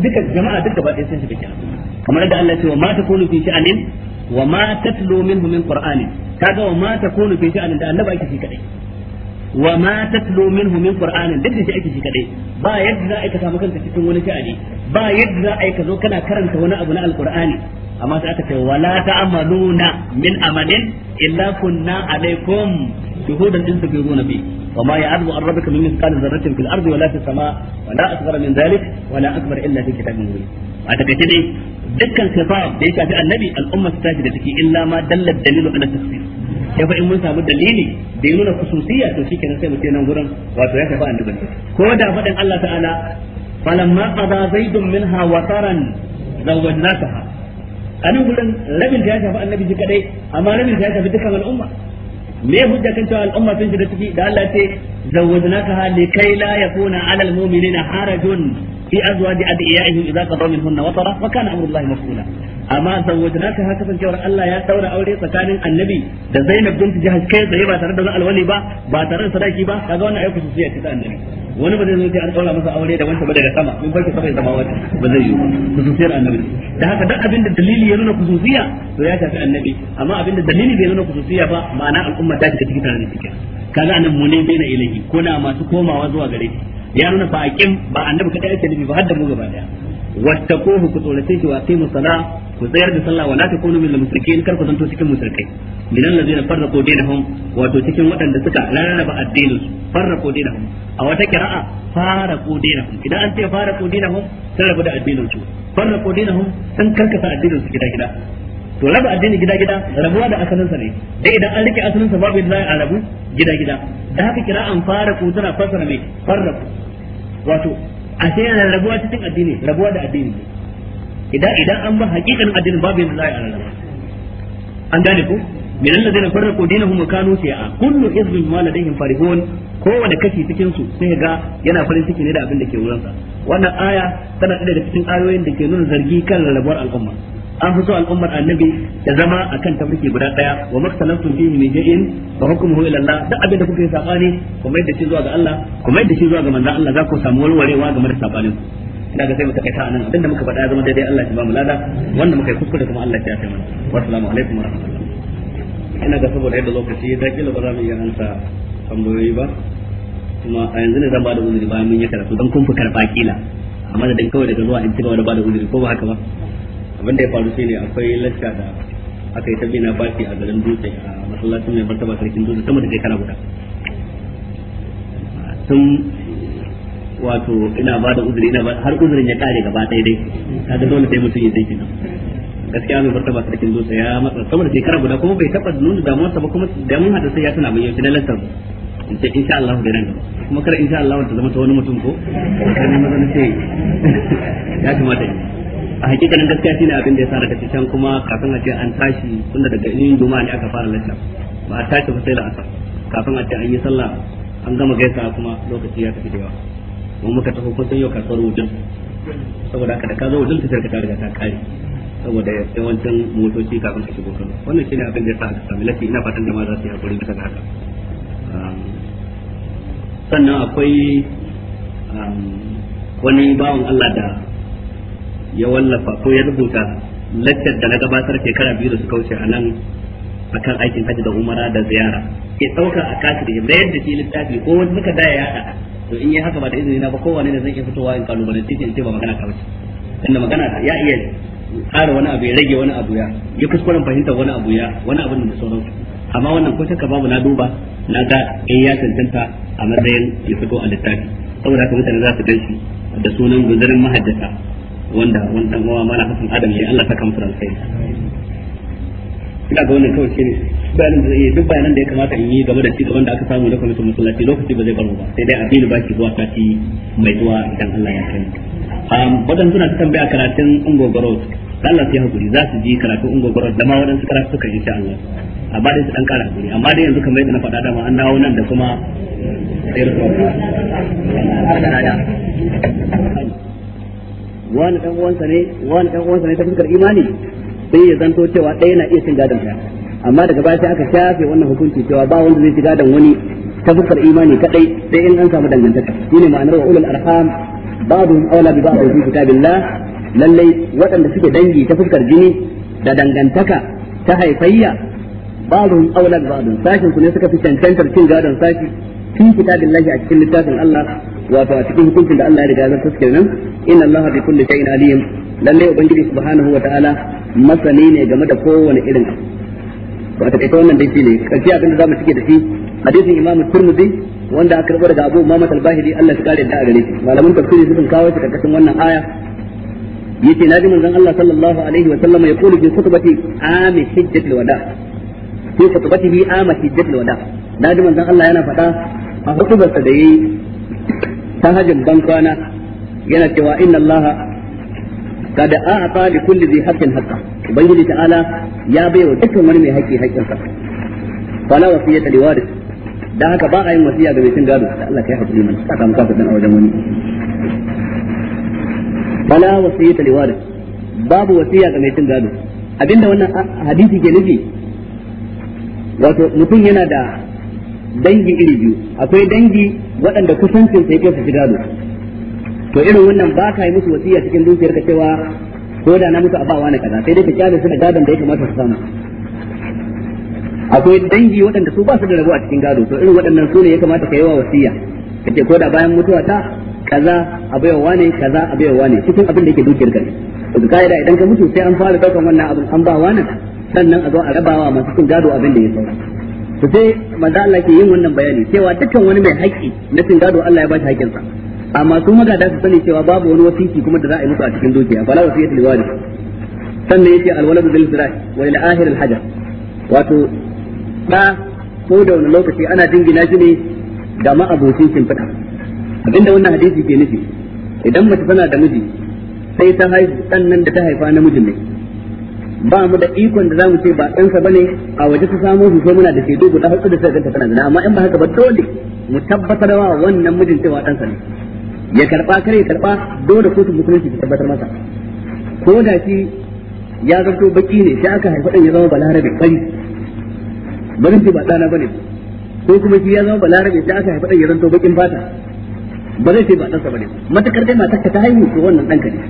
duka jama'a duka ba kamar Allah ce wa ma takunu fi sha'anin wa ma tatlu minhu min kaga wa fi sha'anin da annabi ake shi kadai wa ma tatlu minhu min qur'anin duk da shi ake shi kadai ba yadda za a aika samu kanka cikin wani sha'ani ba yadda za a aika zo kana karanta wani abu na alqur'ani amma sai aka ce wala ta'maluna min amalin illa kunna alaikum shuhudan din su bi وما يعذب عن ربك من مثقال ذرة في الأرض ولا في السماء ولا أصغر من ذلك ولا أكبر إلا في كتاب مبين a takaice dai dukkan kitab da ya shafi annabi al'umma ta tashi da take illa ma dallar dalilu ala ya fa in mun samu dalili da ya nuna khususiyya to shikenan sai mu ce nan gurin wato ya shafi annabi ko da faɗin Allah ta'ala falamma qada zaidun minha kadai ya al'umma me hujja kan cewa al'umma sun shiga ciki da Allah ce zawwajnaka kai la yakuna 'ala al-mu'minina harajun fi azwaji adiyaihim idza qadaw minhunna wa tara wa kana amru Allah maf'ula amma zawwajnaka haka kasancewar Allah ya daura aure tsakanin annabi da Zainab binti Jahash kai tsaye ba tare da alwali ba ba tare da sadaki ba kaga wannan aiki su ya ta annabi wani ba zai zo an daura masa aure da wanda ba daga sama in barki sama ya zama wata ba zai yi ba kususiyar annabi da haka duk abin da dalili ya nuna kususiya to ya tafi annabi amma abin da dalili bai nuna kususiya ba ma'ana al'umma ta shiga cikin tare da cikin kaga anan na ilahi na masu komawa zuwa gare shi ya nuna fa aqim ba annabi kada yake nufi ba hadda mu gaba daya wattaquhu ku tsorace shi wa qimu sala ku tsayar da sallah wala takunu al musrikin kar ku zanto cikin musrikai minal ladina farraqu dinahum wato cikin waɗanda suka rarraba addinin su farraqu dinahum a wata qira'a farraqu dinahum idan an ce farraqu dinahum sun rabu da addinin su farraqu dinahum sun karkasa addinin su gida gida to raba addini gida gida rabuwa da asalin sa ne dai idan an rike asalin sa babu yadda a rabu gida gida da haka kira an fara ko tana fassara mai farraku wato a sai yana rabuwa cikin addini rabuwa da addini idan idan an ba hakikan addinin babu yadda a rabu an gane ko min alladheena farraqu dinahum wa kanu sa'a kullu hizbin ma ladayhim farihun kowane kashi cikin su sai ga yana farin ciki ne da abin da ke wurinsa wannan aya tana ɗaya da cikin ayoyin da ke nuna zargi kan rabuwar al'umma an fi so al'ummar annabi ya zama akan tafarki guda daya wa maktalaftum fihi min shay'in wa hukmuhu ila Allah duk abin da kuka yi sabani kuma yadda shi zuwa ga Allah kuma yadda shi zuwa ga manzon Allah za ku samu warwarewa game da sabanin ina ga sai mu takaita anan abin da muka faɗa ya zama daidai Allah ya ba mu lada wanda muka yi kuskure kuma Allah ya kai mana wa assalamu alaikum wa rahmatullahi ina ga saboda yadda lokaci ya dakila ba za mu iya ansa tambayoyi ba kuma a yanzu ne zan ba da uzuri bayan mun yi karatu don kun fi karɓa kila da madadin kawai daga zuwa in ci gaba da ba da uzuri ko ba haka ba abinda ya faru shine akwai lacca da aka yi tabbina baki a garin dutse a masallacin mai martaba sarkin dutse sama da kai kana guda tun wato ina ba da uzuri ina ba har uzurin ya kare gaba ɗaya dai kaga dole sai mutum ya dai kenan gaskiya mai martaba sarkin dutse ya matsa sama da shekara guda kuma bai taɓa nuna sa ba kuma da mun hada sai ya tuna mai yau na lantar in ce insha Allah da nan kuma kar insha Allah ta zama ta wani mutum ko sai na mazan ce ya kamata yi a hakikalin gaskiya shine abin da ya sa daga can kuma kafin a ce an tashi tunda daga yin juma'a ne aka fara lissa ba a tashi ba sai da asar kafin a ce an yi sallah an gama gaisa kuma lokaci ya tafi da yawa mun muka tafi kusan yau kasuwar wudin saboda haka da ka zo wudin ka ta riga ta kare saboda yawancin motoci kafin ka shigo kano wannan shine abin da ya sa aka sami latti ina fatan da ma za su yi hakuri bisa haka sannan akwai wani bawan Allah da ya wallafa ko ya rubuta lakkar da na gabatar shekara biyu da suka wuce a nan akan aikin hajji da umara da ziyara ke ɗauka a kasir ya mayar da shi littafi ko wani suka daya ya haɗa to in yi haka ba da izini na ba kowane ne zan iya fitowa in kalubalen shi in ce ba magana ta wuce inda magana ya iya tsara wani abu ya rage wani abu ya ya kuskuren fahimtar wani abu ya wani abu da sauransu amma wannan ko shakka babu na duba na ga in eh, ya cancanta a matsayin ya fito a littafi saboda haka mutane za su gan shi da sunan guzarin mahajjata wanda wanda dan mana hasan adam ya Allah ta musu ransa ina ga wannan kawai shine bayanin da zai duk bayanan da ya kamata in yi game da cigaban da aka samu da kwamitin masallaci lokaci ba zai bar ba sai dai abin baki zuwa sati mai zuwa idan Allah ya kai um wadan suna tambaya karatun ungogoro Allah sai hakuri za su ji karatun ungogoro da ma wadansu karatu suka insha Allah amma dai su dan kara hakuri amma dai yanzu kamar yadda na faɗa dama an dawo nan da kuma sayar da wani dan uwansa ne wani dan uwansa ne ta fuskar imani sai ya zanto cewa ɗaya na iya cin gadon ɗaya amma daga baya sai aka shafe wannan hukunci cewa ba wanda zai ci gadon wani ta fuskar imani kadai sai in an samu dangantaka shine ma'anar wa ulul arham ba'dhum aula bi ba'd fi kitabillah lallai waɗanda suke dangi ta fuskar jini da dangantaka ta haifayya ba'dhum aula bi ba'd sashin ku ne suka fi cancantar cin gadon sashi fi kitabillah a cikin littafin Allah wato a cikin hukuncin da Allah ya riga ya zartar nan inna Allah bi kulli shay'in alim lalle ubangiji subhanahu wa ta'ala masani ne game da kowane irin ba ta kai wannan dai ne karshe abin da zamu cike da shi hadisin imamu turmudi wanda aka karbo daga abu muhammad al-bahili Allah ya kare da gare shi malaman tafsiri sun kawo shi karkashin wannan aya yace naji manzon Allah sallallahu alaihi wa sallam ya kulu fi khutbati ami hijjatul wada fi bi ami hijjatul wada naji manzon Allah yana faɗa a hutubarsa da yayi ta hajjin ban kwana yana cewa inna Allah tsari kulli zai haƙƙin haƙƙa حقه ta'ala ya bai wa وتكن wani mai haƙƙi haƙƙinsa fala wasiyata li waris da haka ba a yin wasu ga mai cin gado da Allah ka yi haƙuri mana saka muka kudin a wajen wani fala wasiyata li waris babu wasu ga mai cin gado abinda wannan hadisi ke nufi wato mutum yana da dangi iri biyu akwai dangi waɗanda kusancin sai kai su shiga gado to irin wannan ba ka yi musu wasiya cikin dukiyar ka cewa ko da na mutu a ba wani kaza sai dai ka kyale su da gadon da ya kamata su samu akwai dangi waɗanda su ba su da rabo a cikin gado to irin waɗannan su ne ya kamata ka yi wa wasiya kace ko da bayan mutuwa ta kaza a wa ne kaza a wa ne cikin abin da yake dukiyar ka to kaida idan ka mutu sai an fara daukan wannan abin an ba wani sannan a zo a rabawa masu cikin gado abin da ya saura to sai manzo Allah ke yin wannan bayani cewa dukkan wani mai haƙƙi na cin gado Allah ya ba shi haƙƙinsa amma su magada su sani cewa babu wani wasiki kuma da za a yi musu a cikin dukiya fala wasiyatul walid sannan yace alwaladu bil firas wa ila akhir alhajar hajar wato da ko da wani lokaci ana dingina shi ne ga ma'abocin shimfiɗa abinda wannan hadisi ke nufi idan mace tana da miji sai ta haihu ɗan nan da ta haifa namijin ne ba mu da ikon da za mu ce ba ɗansa ba ne a waje ta samu su so muna da shaidu guda hudu da sarkanta tana zina amma in ba haka ba dole mu tabbatar wa wannan mijin cewa ɗansa ne ya karɓa kare ya karɓa dole kotun musulunci ta tabbatar masa ko da shi ya zarto baki ne sai aka haifa ɗan ya zama balarabe fari barin ce ba ɗana ba ne ko kuma shi ya zama balarabe sai aka haifa ɗan ya zanto bakin fata ba zai ce ba ɗansa ba ne matakar dai matar ta haihu to wannan ɗanka ne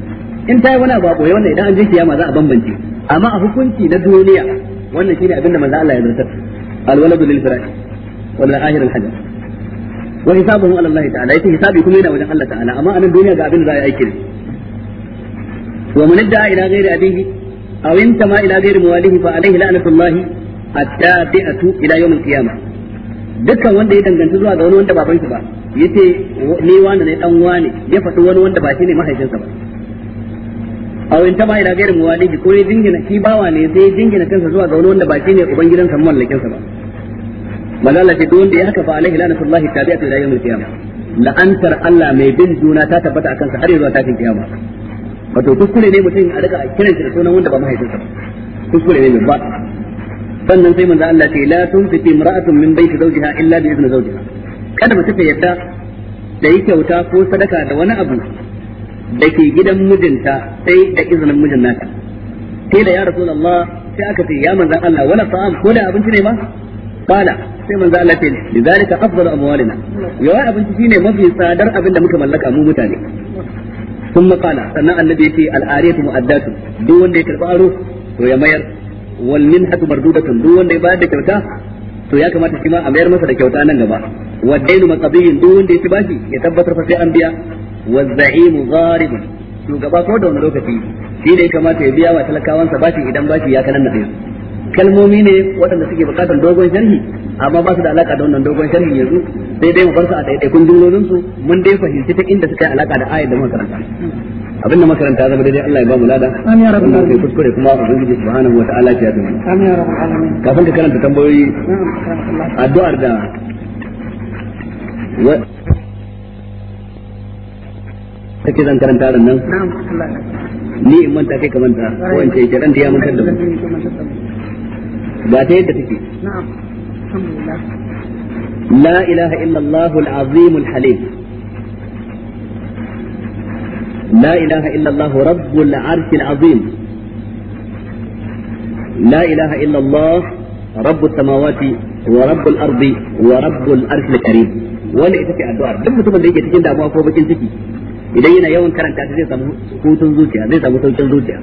in ta yi wani abu a ɓoye wannan idan an je kiyama za a bambance amma a hukunci na duniya wannan shine abin da manzo Allah ya zartar alwaladu lil firash wal akhir al hajar wa hisabuhu ala Allah ta'ala yake hisabi kuma yana wajen Allah ta'ala amma anan duniya ga abin da za a yi aiki ne. wa man da'a ila ghairi abihi aw intama ila ghairi mawalihi fa alayhi la'natullahi at-tabi'atu ila yawm al-qiyamah dukkan wanda ya danganci zuwa ga wani wanda baban shi ba yace ni wani ne dan wani ya faɗi wani wanda ba shi ne mahaifinsa ba a in taba da gairin muwalihi ko ya jingina shi bawa ne sai ya jingina kansa zuwa ga wani wanda ba shi ne gidan sa mallakin sa ba malala ce duk wanda ya haka fa alaihi lanatullahi tabi'atu ila yawmil qiyamah la'antar Allah mai bin juna ta tabbata akan sa har zuwa tashin kiyama wato kuskure ne mutum a daga kiran shi da sunan wanda ba mahaifinsa ba kuskure ne ba sannan sai manzo Allah ce la tunfiqi imra'atun min baiti zawjiha illa bi idni zawjiha kada mace ta yadda da yi kyauta ko sadaka da wani abu da ke gidan mijinta sai da izinin mijin nata kila ya rasulullah sai aka ce ya manzan Allah wala sa'am ko da abinci ne ma kala sai manzan Allah ce lidalika afdalu amwalina yawa abinci shine mafi tsadar abin da muka mallaka mu mutane sannan ya ce ثم قال سنة النبي في الآرية مؤدات دون دي كربارو ويمير والمنحة wanda ya bayar da kyauta to ya kamata shi ma a mayar masa da kyauta nan gaba waddainu maqabiyin duk wanda ya ci bashi ya tabbatar fa sai an biya والزعيم ضارب shugaba كو دا wani lokaci shi dai kamata ya biya wa talakawan sa bashi idan bashi ya kanan nabi kalmomi ne waɗanda suke bukatar dogon sharhi amma ba su da alaka da wannan dogon sharhi yanzu sai dai mu bar su a ɗaiɗaikun jumlolin su mun dai fahimci ta inda suka yi alaka da ayat da makaranta abin da makaranta zama daidai Allah ya ba mu lada amin ya rabbal alamin kuskure kuma ubangiji subhanahu wataala ya tsaya amin ya rabbal alamin kafin ka karanta tambayoyi addu'ar da kace zan karanta ran nan ni in manta kai ka manta ko in ce jaran da ya manta da ba ta yadda take la ilaha illa allah al-azim al-halim لا إله إلا الله رب العرش العظيم لا إله إلا الله رب السماوات ورب الأرض ورب العرش الكريم ولا إتفي الدعاء دم تبن ديكي تكين دعوة فوق بكين تكي idan yana yawan karanta ta zai samu hutun zuciya zai samu saukin zuciya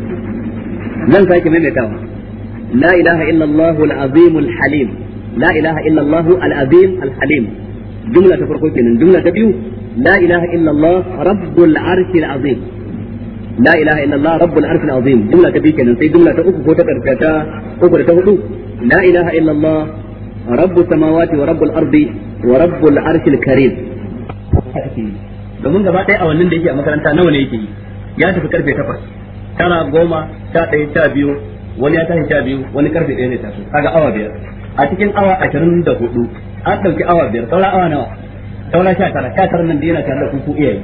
zan sake maimaitawa la ilaha illallah al-azim al-halim la ilaha illallah al-azim al-halim jumla ta farko kenan jumla ta biyu la ilaha illallah rabbul arshi al-azim la ilaha illallah rabbul arshi al-azim jumla ta biyu kenan sai jumla ta uku ko ta karshe ta uku da ta hudu la ilaha illallah rabbu samawati wa rabbul ardi wa rabbul arshi al-karim domin gaba ɗaya a wannan da yake a makaranta nawa ne yake yi ya tafi karfe takwas tara goma ta ɗaya ta biyu wani ya tashi ta biyu wani karfe ɗaya ne taso kaga awa biyar a cikin awa ashirin da hudu an ɗauki awa biyar saura awa nawa saura sha tara sha tara nan da yana tare da kuku iyaye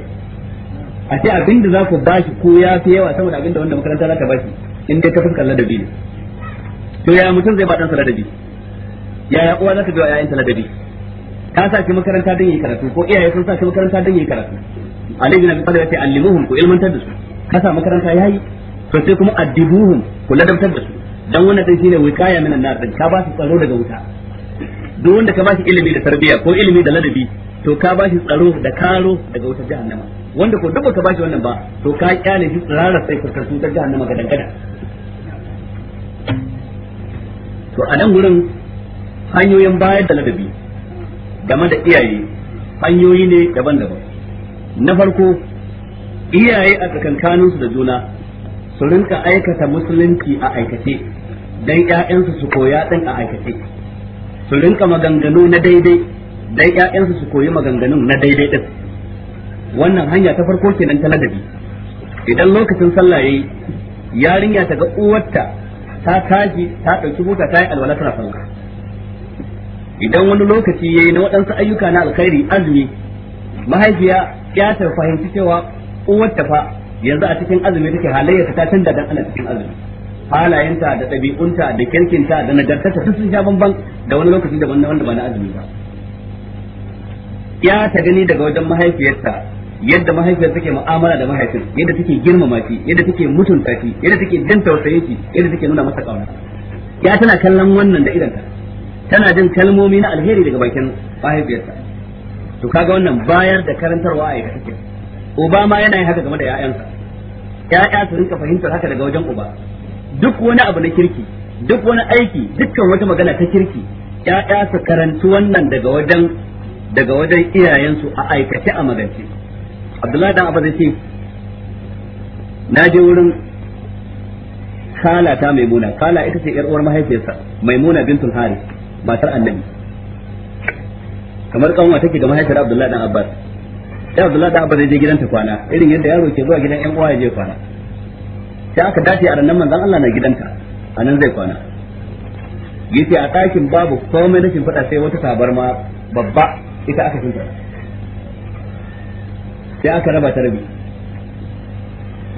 a ce abin da za ku ba shi ko ya fi yawa saboda abin da wanda makaranta za ta ba shi in dai ta fuskar ladabi ne to yaya mutum zai ba ɗansa ladabi yaya uwa za ta biya 'ya'yanta ladabi ka sa shi makaranta don yi karatu ko iyaye sun sa shi makaranta don yi karatu alaihi na bisala yace allimuhum ku ilmantar da su ka sa makaranta yayi to sai kuma addibuhum ku ladabtar da su dan wannan dai shine wiqaya min annar din ka ba su tsaro daga wuta duk wanda ka ba shi ilimi da tarbiyya ko ilimi da ladabi to ka ba shi tsaro da karo daga wutar jahannama wanda ko duk ka ba shi wannan ba to ka kyale shi tsararar sai fuskar daga jahannama ga dangada to a nan gurin hanyoyin bayar da ladabi game da iyaye hanyoyi ne daban-daban na farko iyaye a su da juna su rinka aikata musulunci a aikace dan ƴaƴansu su koya ɗin a aikace su rinka maganganu na daidai dan ƴaƴansu su koyi maganganun na daidai ɗin wannan hanya ta farko kenan ta ladabi idan lokacin sallah yayi yarinya ta ga uwarta ta tashi ta ɗauki buta ta yi alwala tana sallah idan wani lokaci yi na waɗansu ayyuka na alkhairi azumi mahaifiya ya ta fahimci cewa uwarta fa yanzu a cikin azumi take halayyarta ta canza dan ana cikin azumi halayenta da ɗabi'unta da kirkinta da nagartarta sun sha bamban da wani lokaci da wanda ba na azumi ba ya ta gani daga wajen mahaifiyarta yadda mahaifiyar take mu'amala da mahaifin yadda take girmama shi yadda take mutunta shi yadda take danta tausayin shi yadda take nuna masa kauna ya tana kallon wannan da idanta tana jin kalmomi na alheri daga bakin mahaifiyarsa to kaga wannan bayar da karantarwa a yadda take uba ma yana yin haka game da ƴaƴansa ƴaƴa su rinka fahimtar haka daga wajen uba duk wani abu na kirki duk wani aiki dukkan wata magana ta kirki ƴaƴa su karantu wannan daga wajen daga wajen iyayensu a aikace a magance abdullahi dan abba zai na je wurin kala ta maimuna kala ita ce yar uwar mahaifiyarsa maimuna bintul hari matar annabi kamar kanwa take ga mahaifiyar Abdullah dan Abbas sai Abdullah dan Abbas ya je gidanta kwana irin yadda yaro ke zuwa gidan ƴan uwa ya je kwana sai aka dace a ranar manzon Allah na gidanta a nan zai kwana yace a ɗakin babu komai na faɗa sai wata ma babba ita aka shimfiɗa sai aka raba ta rabi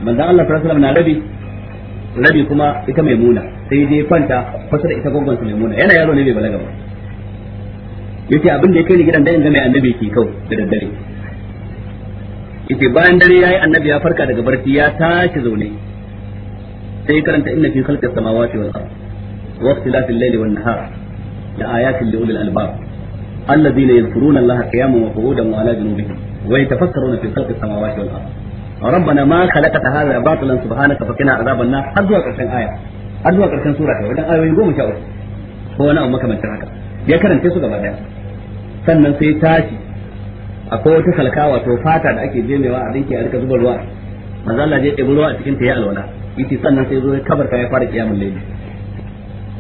manzon Allah sallallahu alaihi wasallam na rabi rabi kuma ita mai muna sai dai kwanta kusa da ita gwaggon mai muna yana yaro ne bai balaga ba yace abin da ya kai ni gidan dan ga mai annabi ke kau da daddare yace bayan dare yayi annabi ya farka daga barci ya tashi zaune sai karanta inna fi khalqis samawati wal ard wa ikhtilafil layli wan nahar la ayatin li ulil albab alladhina yadhkuruna allaha qiyaman wa qu'udan wa ala junubihim wa yatafakkaruna fi khalqis samawati wal ard rabbana ma khalaqta hadha batilan subhanaka fakina azaban nar har zuwa karshen aya har zuwa karshen sura ta wajen ayoyi goma sha uku ko wani abu haka ya karanta su gaba daya sannan sai tashi akwai wata salka wato fata da ake jemewa a rinki a rika zuba ruwa manzo Allah a cikin ta ya alwala yace sannan sai zo ya kabarta ya fara kiyamul layli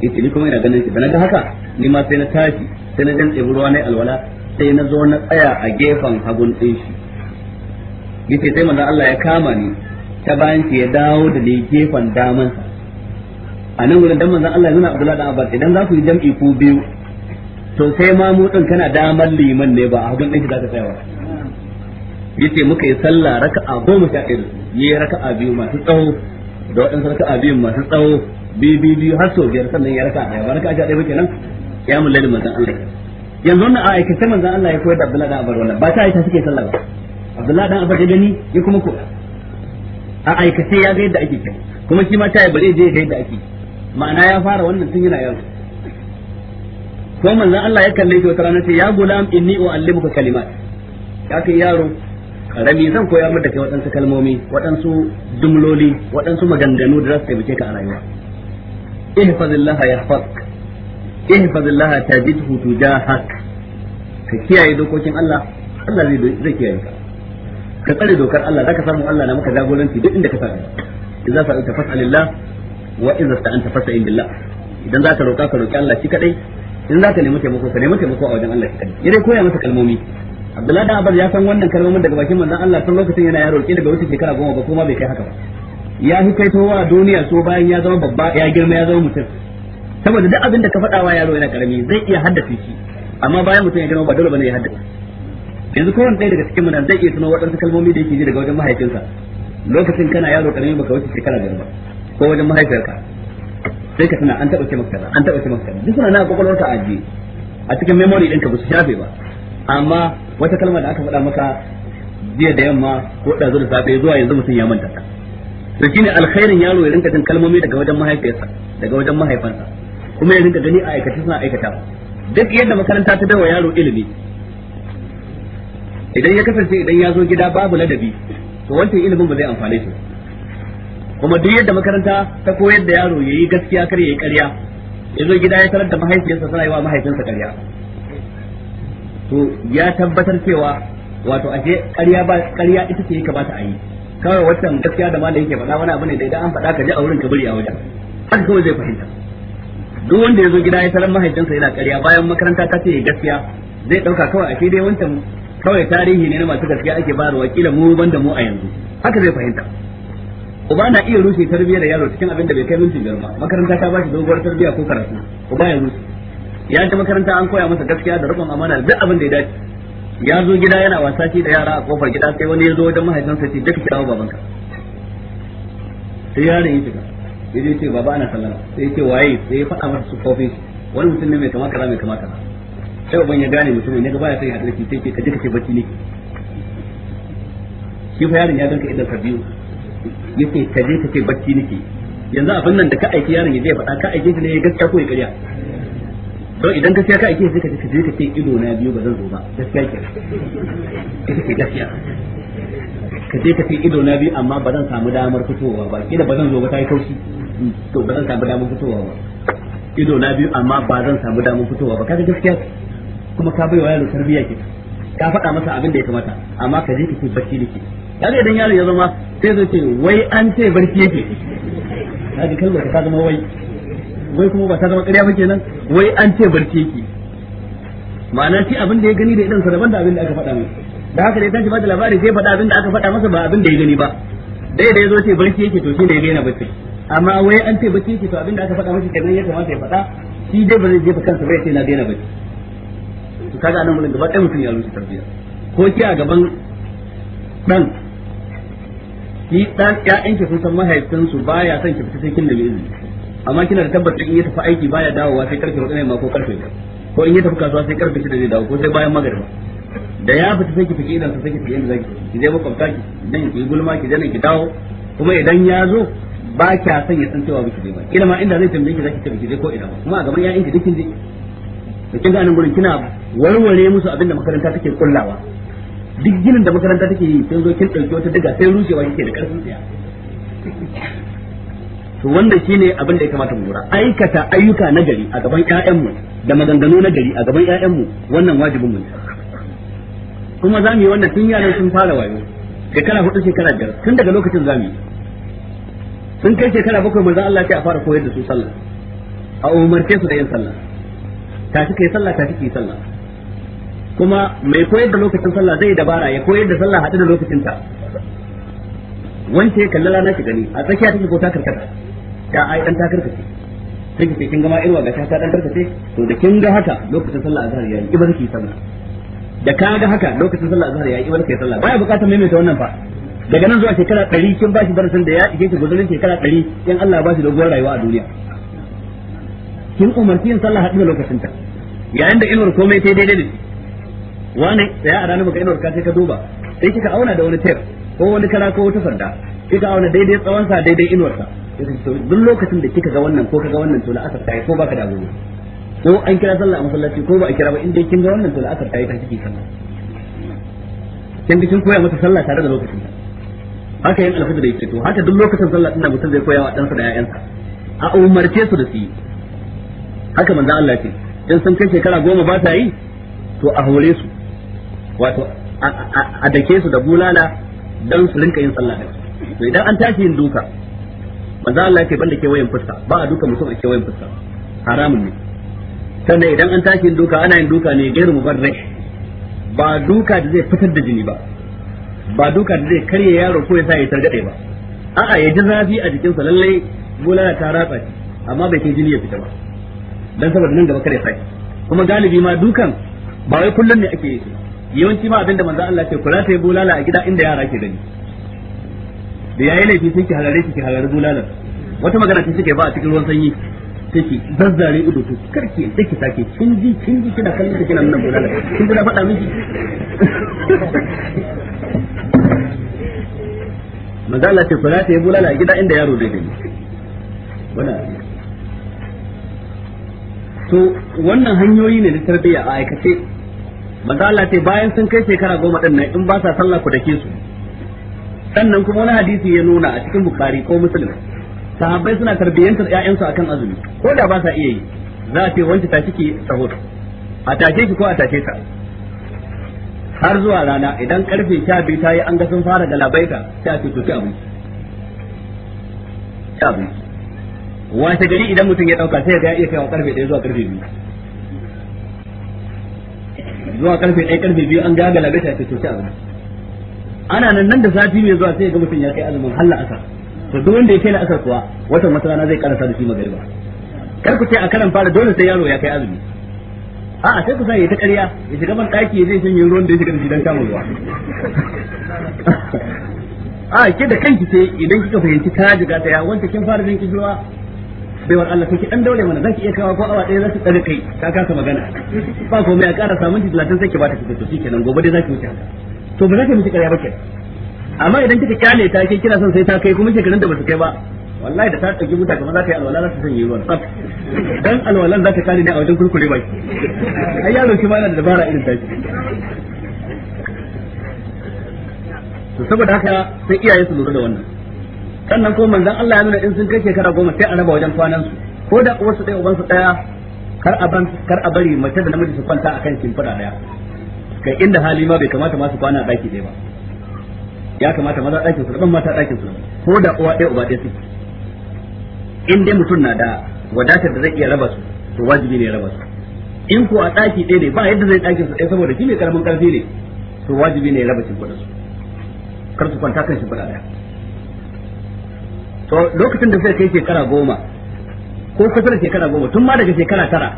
yace kuma ina ganin shi da naga haka ni ma sai na tashi sai na jan ɗebi ruwa na alwala sai na zo na tsaya a gefen hagun ɗin yace sai manzon Allah ya kama ni ta bayan ya dawo da dai gefen daman a nan wurin dan manzon Allah yana Abdullahi dan Abbas idan za ku yi jam'i ku biyu to sai ma mu din kana daman liman ne ba a hagun ɗinki za ka tsaya yace muka yi sallah raka'a goma sha ɗaya yi raka'a biyu masu tsawo da waɗansu raka'a biyu masu tsawo biyu biyu biyu har sau biyar sannan ya raka'a ɗaya ba raka'a sha ɗaya ba kenan ya mulle manzon Allah yanzu wannan a aikace manzon Allah ya koyar da Abdullahi dan Abbas wannan ba ta aika suke sallah ba Abdullahi dan Abbas ya gani ya kuma ko a aikace ya ga yadda ake kai kuma shi ma ta bare je ga yadda ake ma'ana ya fara wannan tun yana yau ko manzon Allah ya kalle shi wata rana sai ya gulam inni uallimuka kalimat ya kai yaro karami zan koya maka kai waɗansu kalmomi waɗansu dumloli waɗansu maganganu da za su taimake ka a rayuwa ihfazillah yahfazk ihfazillah tajidhu tujahak ka kiyaye dokokin Allah Allah zai kiyaye ka ka tsare dokar Allah zaka samu Allah na maka jagoranci duk inda ka sa idza sa'alta fas'alillah wa idza sta'anta fas'in billah idan zaka roka ka roki Allah shi kadai in zaka nemi taimako ka nemi taimako a wajen Allah shi kadai yare koya masa kalmomi Abdullahi da Abbas ya san wannan kalmomin daga bakin manzon Allah tun lokacin yana yaro ki daga wuce shekara goma ba kuma bai kai haka ba ya fi kai towa duniya so bayan ya zama babba ya girma ya zama mutum saboda duk abin da ka faɗa wa yaro yana karami zai iya haddace shi amma bayan mutum ya girma ba dole bane ya haddace yanzu kowanne ɗaya daga cikin munan zai iya tuno waɗansu kalmomi da yake ji daga wajen mahaifinsa lokacin kana yaro ƙarami baka wuce shekara da ba ko wajen mahaifiyarka sai ka tuna an taɓa ce maka an taɓa ce maka kaza duk suna na kwakwalwarka a ajiye a cikin memory ɗinka ba su shafe ba amma wata kalma da aka faɗa maka jiya da yamma ko da zuwa safe zuwa yanzu mutum ya manta ta to shine alkhairin yaro ya rinka jin kalmomi daga wajen mahaifiyarsa daga wajen mahaifansa kuma ya rinka gani a aikace suna aikata duk yadda makaranta ta dawa yaro ilimi idan ya kasance idan ya zo gida babu ladabi to wancan ilimin ba zai amfane shi kuma duk yadda makaranta ta koyar da yaro yayi gaskiya kar yayi ƙarya ya zo gida ya tarar da mahaifiyarsa sai yi wa mahaifinsa ƙarya to ya tabbatar cewa wato ashe ƙarya ba ƙarya ita ce ya kamata a yi kawai wancan gaskiya da malai yake faɗa wani abu ne da idan an faɗa ka ji a wurin ka bari a wajen haka kawai zai fahimta duk wanda ya zo gida ya tarar mahaifinsa yana ƙarya bayan makaranta ta ce gaskiya zai ɗauka kawai a dai wancan kawai tarihi ne na masu gaskiya ake wa kila mu banda mu a yanzu haka zai fahimta uba na iya rushe tarbiyya da yaro cikin abin da bai kai minti biyar ba makaranta ta bashi doguwar tarbiyya ko karatu uba ya rushe ya ji makaranta an koya masa gaskiya da rubun amana duk abin da ya dace ya zo gida yana wasa shi da yara a kofar gida sai wani ya zo wajen mahaifinsa ce duka kirawo babanka sai yaron ya shiga ya ce baba ana sallama sai ya ce waye sai ya faɗa masa su shi wani mutum ne mai kama kara mai kama kara sai uban ya gane mutum ya ga baya sai ya haddace sai ka je ka bacci ne shi fa yaron ya ganka idan ka biyu yace ka je ka ce bacci nake yanzu abin nan da ka aiki yaron ya je faɗa ka aiki shi ne ya gaskiya ko ya ƙarya don idan ka gaskiya ka aiki shi ka je ka ce ido na biyu ba zan zo ba gaskiya ke ita gaskiya ka je ka fi ido na biyu amma ba zan samu damar fitowa ba kila ba zan zo ba ta yi kaushi hmm, to ba zan samu damar fitowa ba ido na biyu amma ba zan samu damar fitowa ba kaga gaskiya kuma ka baiwa yaro tarbiyya ke ka faɗa masa abin da ya kamata amma ka je ka ce barci da ke yanzu idan yaro ya zama sai zai ce wai an ce barci yake kaga kalmar ta zama wai wai kuma ba ta zama ƙarya ba kenan wai an ce barci yake ma'ana shi abin da ya gani da idan sa daban da abin da aka faɗa masa da haka dai tashi ba da labari sai faɗa abin da aka faɗa masa ba abin da ya gani ba dai da ya zo ce barci yake to shi ne ya gaina barci amma wai an ce barci yake to abin da aka faɗa masa kenan ya kamata ya faɗa shi dai ba zai jefa kansa bai ce na daina barci kaga anan gurin gaba ɗaya mutum ya rusa tarbiyya ko ki a gaban dan ni dan ƴaƴan ki sun san mahaifin su baya son ki fita sai kin da izini amma kina da tabbacin in ya tafi aiki baya dawowa sai karfe hudu ne ma ko karfe ko in ya tafi kasuwa sai karfe shida zai dawo ko sai bayan magariba da ya fita sai ki fike idan sai ki fike inda zaki ki je makwabta ki dan ki gulma ki je ki dawo kuma idan ya zo ba kya san ya san cewa biki je ba kila ma inda zai tambaye ki zaki tafi ki je ko ina kuma a gaban ya ki dukin je kin ga nan gurin kina warware musu abin da makaranta take kullawa duk ginin da makaranta take yi sai zo kin dauki wata diga sai rushewa yake da karfin tsaya to wanda shine abin da ya kamata mu lura aikata ayyuka na gari a gaban ƴaƴanmu da maganganu na gari a gaban ƴaƴanmu wannan wajibin mu kuma za mu yi wannan tun yaran sun fara wayo shekara hudu shekara biyar tun daga lokacin za mu yi sun kai shekara bakwai manzon Allah ya fara koyar da su sallah a umarce su da yin sallah tashi kai sallah tashi kai sallah kuma mai koyar da lokacin sallah zai dabara ya koyar da sallah haɗu da lokacin ta wance kallala rana ki gani a tsakiya take ko ta karkata ta ai dan ta karkata sai ki kin gama irwa ga ta ta dan karkata to da kin ga haka lokacin sallah azhar yayi ibar ki sallah da ka ga haka lokacin sallah azhar yayi ibar ki sallah baya bukatar maimaita wannan fa daga nan zuwa shekara 100 kin bashi barasan da ya ike ki guzurin shekara 100 in Allah ba shi doguwar rayuwa a duniya kin umarci yin sallah haɗu da lokacin ta yayin da ilmar komai sai daidai ne wani tsaya a ranar baka inuwar ka sai ka duba sai kika auna da wani tef ko wani kara ko wata sanda kika auna daidai tsawon sa daidai inuwar sa duk lokacin da kika ga wannan ko kaga wannan to la'asar ta yi ko baka da gobe ko an kira sallah a masallaci ko ba a kira ba in dai kin ga wannan to la'asar ta yi ta kike sallah kin kin koya masa sallah tare da lokacin haka yin alfajir yake to haka duk lokacin sallah din da mutum zai koya wa ɗansa da ƴaƴansa a umarce su da su haka manzo Allah ce in sun kai shekara goma ba ta yi to a hore su wato a dake su da bulala don su rinka yin sallah da su idan an tashi yin duka manzo Allah yake banda kewayen fuska ba a duka mutum a kewayen fuska haramun ne sannan idan an tashi yin duka ana yin duka ne gairu rai ba duka da zai fitar da jini ba ba duka da zai karya yaro ko ya sa ya targade ba a'a ya ji zafi a sa lallai bulala ta ratsa amma bai kai jini ya fita ba dan saboda nan gaba kare sai kuma galibi ma dukan ba wai kullun ne ake yi yawanci ma abinda manzo Allah ce kula ta bulala a gida inda yara ke gani da yayi laifi sai ki halare ki halare bulalar wata magana ce take ba a cikin ruwan sanyi take zazzare ido to karki take take sake kin ji kin ji kina kallon ta kina nuna bulala kin da fada faɗa miki manzo Allah ce kula ta bulala a gida inda yaro dai gani wannan to wannan hanyoyi ne na tarbiyya a aikace manzo Allah ce bayan sun kai shekara goma din nan in ba sa sallah ku dake su sannan kuma wani hadisi ya nuna a cikin bukari ko muslim sahabbai suna tarbiyyantar ƴaƴansu akan azumi ko da ba sa iya yi za a ce wanki ta ki sahur a tashe ki ko a tashe ta har zuwa rana idan karfe biyu ta yi an ga sun fara galabaita sai a ce to ki abinci ta abinci washe gari idan mutum ya dauka sai ya ga ya iya kaiwa karfe 1 zuwa karfe biyu. zuwa karfe ɗaya karfe biyu an gagala ga ta to ci abu ana nan nan da sati mai zuwa sai ya ga mutum ya kai azumin Allah asar to duk wanda ya kai asar kuwa watan wata rana zai karasa da shi magariba kar ku ce a karan fara dole sai yaro ya kai azumi a'a sai ku sa ya ta ƙarya ya shiga ban ɗaki zai shanye ruwan da ya shiga da shi dan samun ruwa a ke da kanki ce idan kika fahimci ka jiga ta ya wanda kin fara jin kishirwa baiwar Allah take dan daure mana ki iya kawo ko awa ɗaya zaki tsare kai ka kasa magana ba ko mai a ƙara samun latin sai ki bata ki to shikenan gobe dai zaki wuce haka to ba zaki mutu ƙarya ba ke amma idan kika kyale ta ke kira son sai ta kai kuma shekarun da ba su kai ba wallahi da ta ɗauki buta kamar za ta yi alwala za ta yi ruwan tsaf dan alwalan za ta kare ne a wajen kurkure baki ai yaro shi ma yana da dabara irin ta to saboda haka sai iyaye su lura da wannan sannan ko manzon Allah ya nuna in sun kai shekara goma sai a raba wajen kwanan su ko da uwarsu ɗaya ubansu ɗaya kar a ban kar a bari mace da namiji su kwanta akan shimfiɗa ɗaya kai inda hali ma bai kamata ma su kwana a ɗaki ɗaya ba ya kamata maza ɗakin su daban mata ɗakin su ko da uwa ɗaya uba ɗaya su in dai mutum na da wadatar da zai iya raba su to wajibi ne raba su in ko a ɗaki ɗaya ne ba yadda zai ɗakin su ɗaya saboda shi ne karamin ƙarfi ne to wajibi ne raba shimfiɗa su kar su kwanta kan shimfiɗa ɗaya to lokacin da sai kai shekara goma ko kusa da shekara goma tun ma daga shekara tara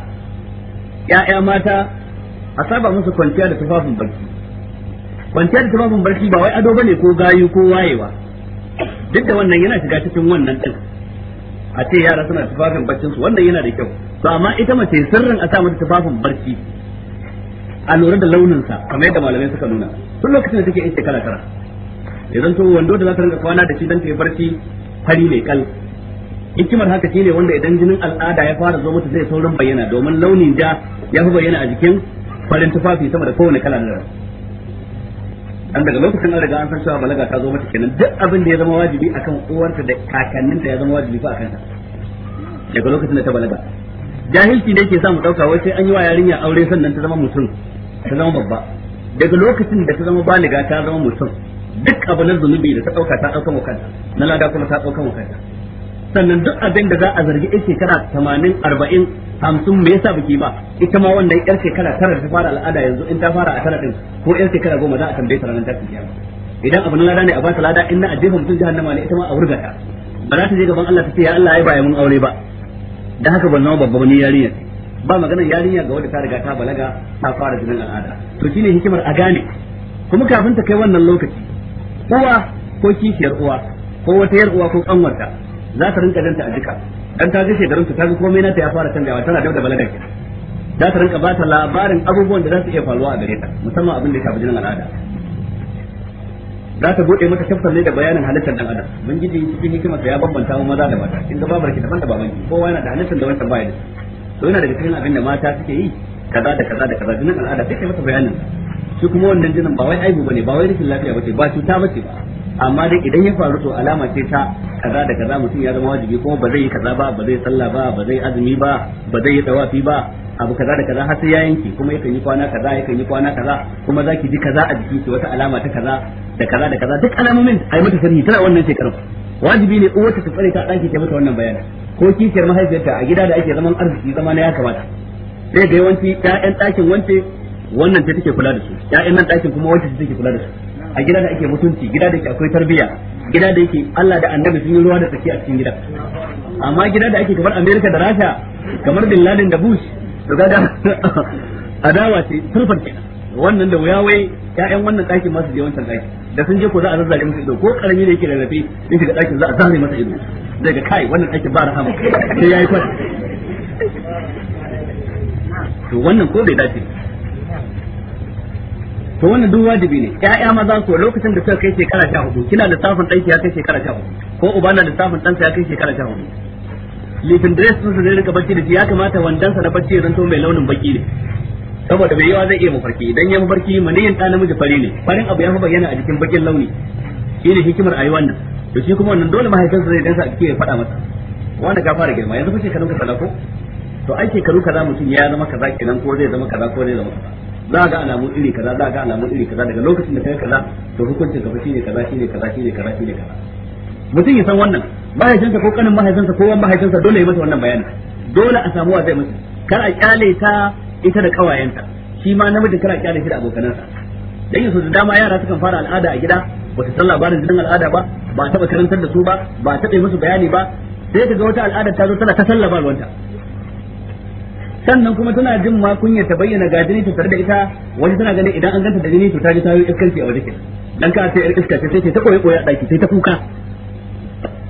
ya'ya mata a saba musu kwanciya da tufafin barci kwanciya da tufafin barci ba wai ado bane ko gayu ko wayewa duk da wannan yana shiga cikin wannan din a ce yara suna tufafin barcin su wannan yana da kyau to amma ita mace sirrin a sa mata tufafin barci a lura da launinsa kamar yadda malamai suka nuna tun lokacin da take yin shekara tara idan to wando da za ta rinka kwana da shi don ta yi barci fari mai kal hikimar haka shine wanda idan jinin al'ada ya fara zo mata zai saurin bayyana domin launin ja ya fi bayyana a jikin farin tufafi sama da kowane kala na an daga lokacin an riga an san cewa balaga ta zo mata kenan duk abin da ya zama wajibi akan uwarta da kakanninta ya zama wajibi fa akan ta daga lokacin da ta balaga jahilci ne ke sa mu dauka wai sai an yi wa yarinya aure sannan ta zama mutum ta zama babba daga lokacin da ta zama baliga ta zama mutum duk abu na zunubi da ta dauka ta dauka kanta na lada kuma ta dauka kanta sannan duk abin da za a zargi ɗan shekara tamanin arba'in hamsin me yasa baki ba ita ma wanda yar shekara tara ta fara al'ada yanzu in ta fara a tara din ko yar shekara goma za a tambaye ta ranar tasiri idan abu na lada ne a ba ta lada in na ajefa mutum jahannama ne ita ma a wurgata ba za ta je gaban Allah ta ce ya Allah ai ba mun aure ba da haka ban nawa babba ne yarinya ba magana yarinya ga wanda ta riga ta balaga ta fara jinin al'ada to shine hikimar a gane kuma kafin ta kai wannan lokaci uwa ko kishiyar uwa ko wata yar uwa ko kanwarta za ta rinka danta a duka dan ta ga shekarun ta ga komai nata ya fara canjawa tana da balaga ke za ta rinka ba ta labarin abubuwan da za su iya faruwa a gare ta musamman abin da ya shafi al'ada za ta bude mata tafsir ne da bayanin halittar dan adam mun gidi cikin hikimar ya bambanta mu maza da mata in ga babarki daban da babanki kowa yana da halittar da wancan baya to yana daga cikin abin da mata suke yi kaza da kaza da kaza jinin al'ada take mata bayanin shi kuma wannan jinin ba wai aibu bane ba wai rashin lafiya bace ba cuta bace ba amma dai idan ya faru to alama ce ta kaza da kaza mutum ya zama wajibi kuma ba zai yi kaza ba ba zai sallah ba ba zai azumi ba ba zai yi tawafi ba abu kaza da kaza har sai ya yanke kuma yakan yi kwana kaza yakan yi kwana kaza kuma zaki ji kaza a jiki ki wata alama ta kaza da kaza da kaza duk alamomin ai mata sani tana wannan shekarar wajibi ne uwarta ta tsare ta daki ta mata wannan bayani ko kishiyar mahaifiyarta a gida da ake zaman arziki zama na ya kamata sai ga yawanci ɗayan ɗakin wance wannan ta take kula da su Ya'yan nan ɗakin kuma wacce take kula da su a gida da ake mutunci gida da ke akwai tarbiyya gida da yake Allah da annabi sun yi ruwa da tsaki a cikin gida amma gida da ake kamar America da Rasha kamar Bin Laden da Bush to ga adawa ce turfan ke wannan da wuya wai ya'yan wannan ɗakin masu je wancan ɗaki da sun je ko za a zazzage masa ido ko karami da yake rarrafe in shiga ɗakin za a zame masa ido daga kai wannan ɗakin ba rahama sai yayi fara to wannan ko bai dace to wannan duk wajibi ne ƴaƴa maza ko lokacin da suka kai shekara 14 kina kina lissafin ɗanki ya kai shekara 14 ko uba na lissafin ɗansa ya kai shekara 14 lifin dress sun zai rika bacci da shi ya kamata wandansa na bacci zanto mai launin baki ne saboda bai yawa zai iya mafarki idan ya mafarki maniyin ɗa namiji fari ne farin abu ya fi bayyana a jikin bakin launi shi ne hikimar ayi wannan to shi kuma wannan dole mahaifinsa zai dansa a cikin ya faɗa masa wanda ka fara girma yanzu fa shekarun ka ko to ai shekaru kaza mutum ya zama kaza kenan ko zai zama kaza ko zai zama kaza za ga alamun iri kaza za ga alamun iri kaza daga lokacin da kai kaza to hukuncin ka shi shine kaza shine kaza shine kaza shine kaza mutum ya san wannan mahaifinsa ko kanin mahaifinsa ko wani mahaifinsa dole ya masa wannan bayanin dole a samu wa zai masa kar a kyale ta ita da kawayenta shi ma namijin kar a kyale shi da abokanansa dan yanzu da dama yara sukan fara al'ada a gida ba su san labarin jinin al'ada ba ba taɓa karantar da su ba ba taɓa musu bayani ba sai ka ga wata al'ada ta zo tana ta wanta sannan kuma tana jin ma kunya ta bayyana ga jini tare da ita wani tana ganin idan an ganta da jini to ta ji ta yi iskanci a wajen dan ka sai iska ce sai ta koyi koyi a daki sai ta kuka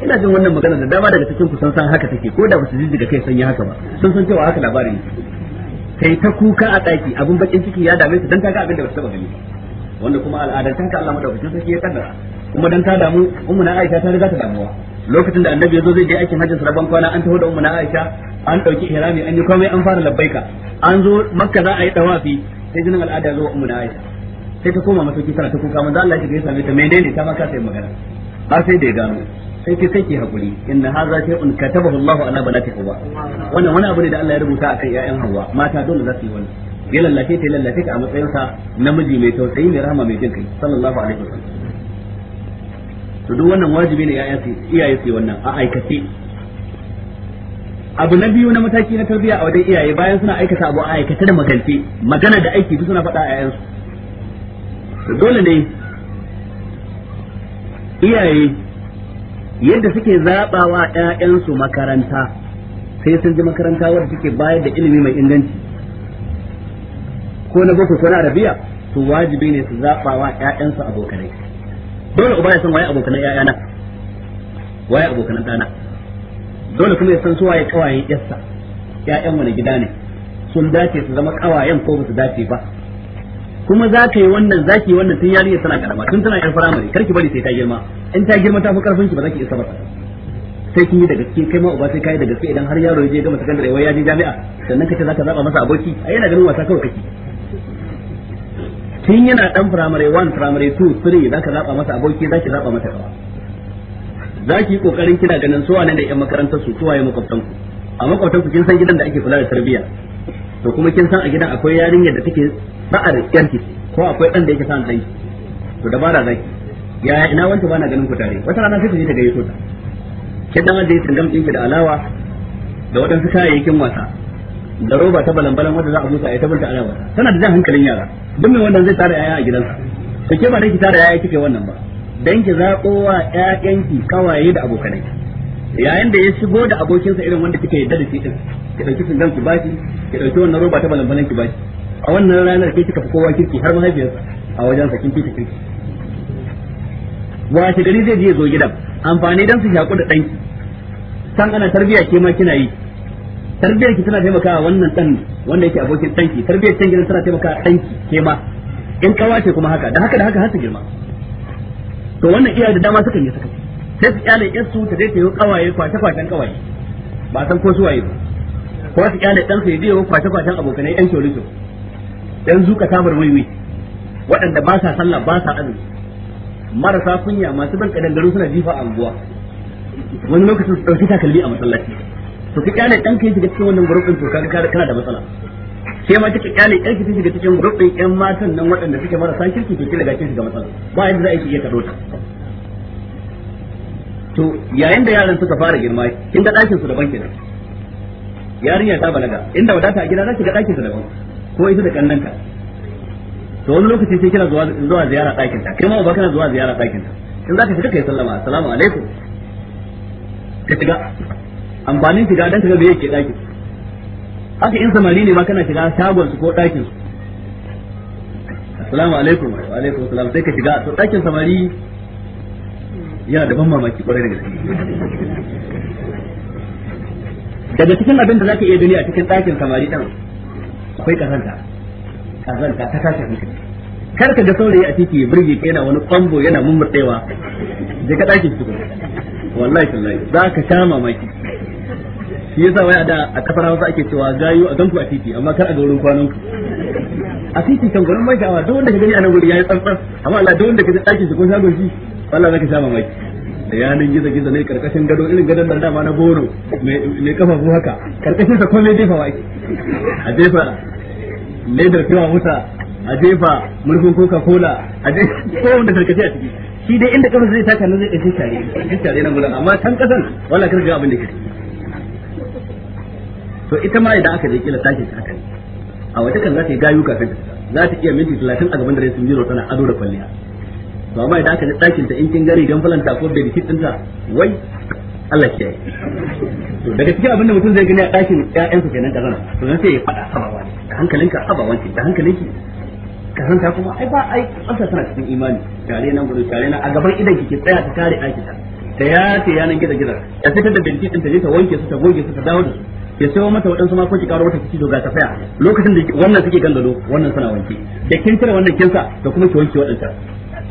ina jin wannan magana da dama daga cikin ku san san haka take ko da ba su ji daga kai san ya haka ba sun san cewa haka labarin sai ta kuka a daki abin bakin ciki ya dame su dan ta ga abin da ba su taba gani wanda kuma al'adar ta ka Allah madaukakin sarki ya kaddara kuma dan ta damu ummu na Aisha ta riga ta damuwa lokacin da annabi zo zai je aikin hajjin sarban kwana an taho da ummuna Aisha an dauki ihrami an yi komai an fara labbaika an zo makka za a yi tawafi sai jinin al'ada zo ummuna Aisha sai ta koma masauki tana ta kuka manzo Allah ya same ta menene ta ma sai magana ba sai da ya gano sai ke ke hakuri inna hadha shay'un katabahu Allahu ala banati Hawwa wannan wani abu ne da Allah ya rubuta akan ƴaƴan Hawwa mata dole za su yi wannan ya lallace ta lallace ka a matsayin namiji mai tausayi mai rahama mai jin kai sallallahu alaihi wasallam to duk wannan wajibi ne yaya iyaye su wannan a aikace abu na biyu na mataki na tarbiyya a wajen iyaye bayan suna aikata abu a aikace da magance magana da aiki duk suna faɗa a yayansu dole ne iyaye yadda suke zabawa ƴaƴansu makaranta sai sun ji makaranta wadda suke bayar da ilimi mai inganci ko na boko ko na arabiya to wajibi ne su zabawa ƴaƴansu abokanai dole uba ya san waye abokan ƴaƴana waye abokan ɗana dole kuma ya san su waye kawayen yassa ƴaƴan wani gida ne sun dace su zama kawayen ko ba su dace ba kuma za ka yi wannan za ki yi wannan tun yariya tana karama tun tana yar firamare karki bari sai ta girma in ta girma ta fi karfin ki ba za ki isa ba sai kin yi da gaske kai ma uba sai kai da gaske idan har yaro ya je gama sakandare wai ya je jami'a sannan kace ka zaba masa aboki ai yana ganin wasa kawai kake tun yana dan firamare 1 firamare 2 3 zaka zaba masa aboki zaki zaba masa kawa zaki yi kokarin kina ganin suwa ne da yan makarantar su suwa ya makwabtan ku a makwabtan ku kin san gidan da ake kula da tarbiyya to kuma kin san a gidan akwai yarinyar da take ba'ar yanki ko akwai dan da yake san danki to dabara zaki yaya ina wanda bana ganin ku tare wata rana sai ku je ta gaye ta kin dan aje tangam ɗinki da alawa da waɗansu kayayyakin wasa da roba ta balambalan wanda za a musa a ta bulta alawa tana da jan hankalin yara duk mai wannan zai tara yaya a gidansa to ke ba dai ki tara yaya kike wannan ba dan ki zaɓo wa 'ya'yanki kawaye da abokanai yayin da ya shigo da abokinsa irin wanda kike yadda da shi din ki dauki sundan ki bashi ki dauki wannan roba ta balambalan ki bashi a wannan ranar ke kika fi kowa kirki har mahaifiyarsa a wajen sakin kike kirki washe gari zai je zo gidan amfani dan su shaku da danki san ana tarbiya ke ma kina yi tarbiyar ki tana taimakawa wannan dan wanda yake abokin danki tarbiyar can gidan tana taimakawa danki ke ma in kawa ce kuma haka da haka da haka har su girma to wannan iyaye da dama sukan yi saka sai su kyale yarsu ta dai ta yi kawaye kwace kwacen kawaye ba san ko su waye ba ko su kyale dan su yi kwace kwacen abokanai yan shoriso dan zuka tabar waiwai waɗanda ba sa sallah ba sa azumi marasa kunya masu ban kadangaru suna jifa a wani lokacin su dauki takalmi a masallaci to ki kyale dan kai shiga cikin wannan gurbin din to kaga kana da matsala sai ma kike kyale yan ki shiga cikin gurbin din matan nan waɗanda suke mara san kirki to kila ga kin shiga matsala ba yadda za a iya kado ta to yayin da yaran suka fara girma kin ga dakin su daban kenan yarinya ta balaga inda wadata a gida za ki ga dakin su daban ko ita da kannanta to wani lokaci sai kina zuwa zuwa ziyara ɗakin ta kai ma ba kana zuwa ziyara ɗakin ta in za ka shiga kai sallama assalamu alaikum ka shiga amfanin shiga dan kaga me yake dakin haka in samari ne ma kana shiga shagon su ko dakin su assalamu alaikum wa alaikum assalam sai ka shiga to dakin samari yana da ban mamaki kwarai da gaske daga cikin abin da zaka iya gani a cikin dakin samari din akwai kazanta kazanta ta tashi hankali kar ka ga saurayi a titi ya burge ka yana wani kwambo yana mummurtsewa je ka dakin su wallahi wallahi za ka sha mamaki shi yasa wai a da a kasar Hausa ake cewa gayu a ganku a titi amma kar a ga wurin kwanan ku a titi kan gurin mai sha'awa duk wanda ka gani a nan guri yayi tsantsan amma Allah duk wanda ka tsaki shi ko shagon shi Allah zaka sha mamaki da yanin gizo gizo ne karkashin gado irin gadon da dama na goro Me kafa ko haka karkashin sa komai fa wa a jefa da kiwa wuta a jefa murfin coca cola a jefa ko wanda karkashi a ciki shi dai inda kafa zai taka nan zai ɗauki tare ɗauki tare nan gudan amma can kasan wala ga abin da kake to ita ma idan aka je kila tashi ta kai a wata kan za ta yi gayu kafin ta za ta iya minti 30 a gaban dare sun jiro tana ado da kwalliya to amma idan aka je dakin ta in kin gari dan falanta ko da dikit dinta wai Allah ke yi to daga cikin abinda da mutum zai gani a dakin su kenan da to sai ya faɗa abawa da hankalinka abawa da hankalinki ta kuma ai ba ai tsafta tana cikin imani tare nan gudu tare nan a gaban idan kike tsaya ta kare aiki ta ta ya ce yanan gida gida ta fitar da binti din ta je ta wanke su ta goge su ta dawo da su ya sayo mata waɗansu ma ko ki karo mata kici ga tafaya lokacin da wannan suke kan gado wannan suna wanke da kin cire wannan kinsa da kuma ki wanke waɗansa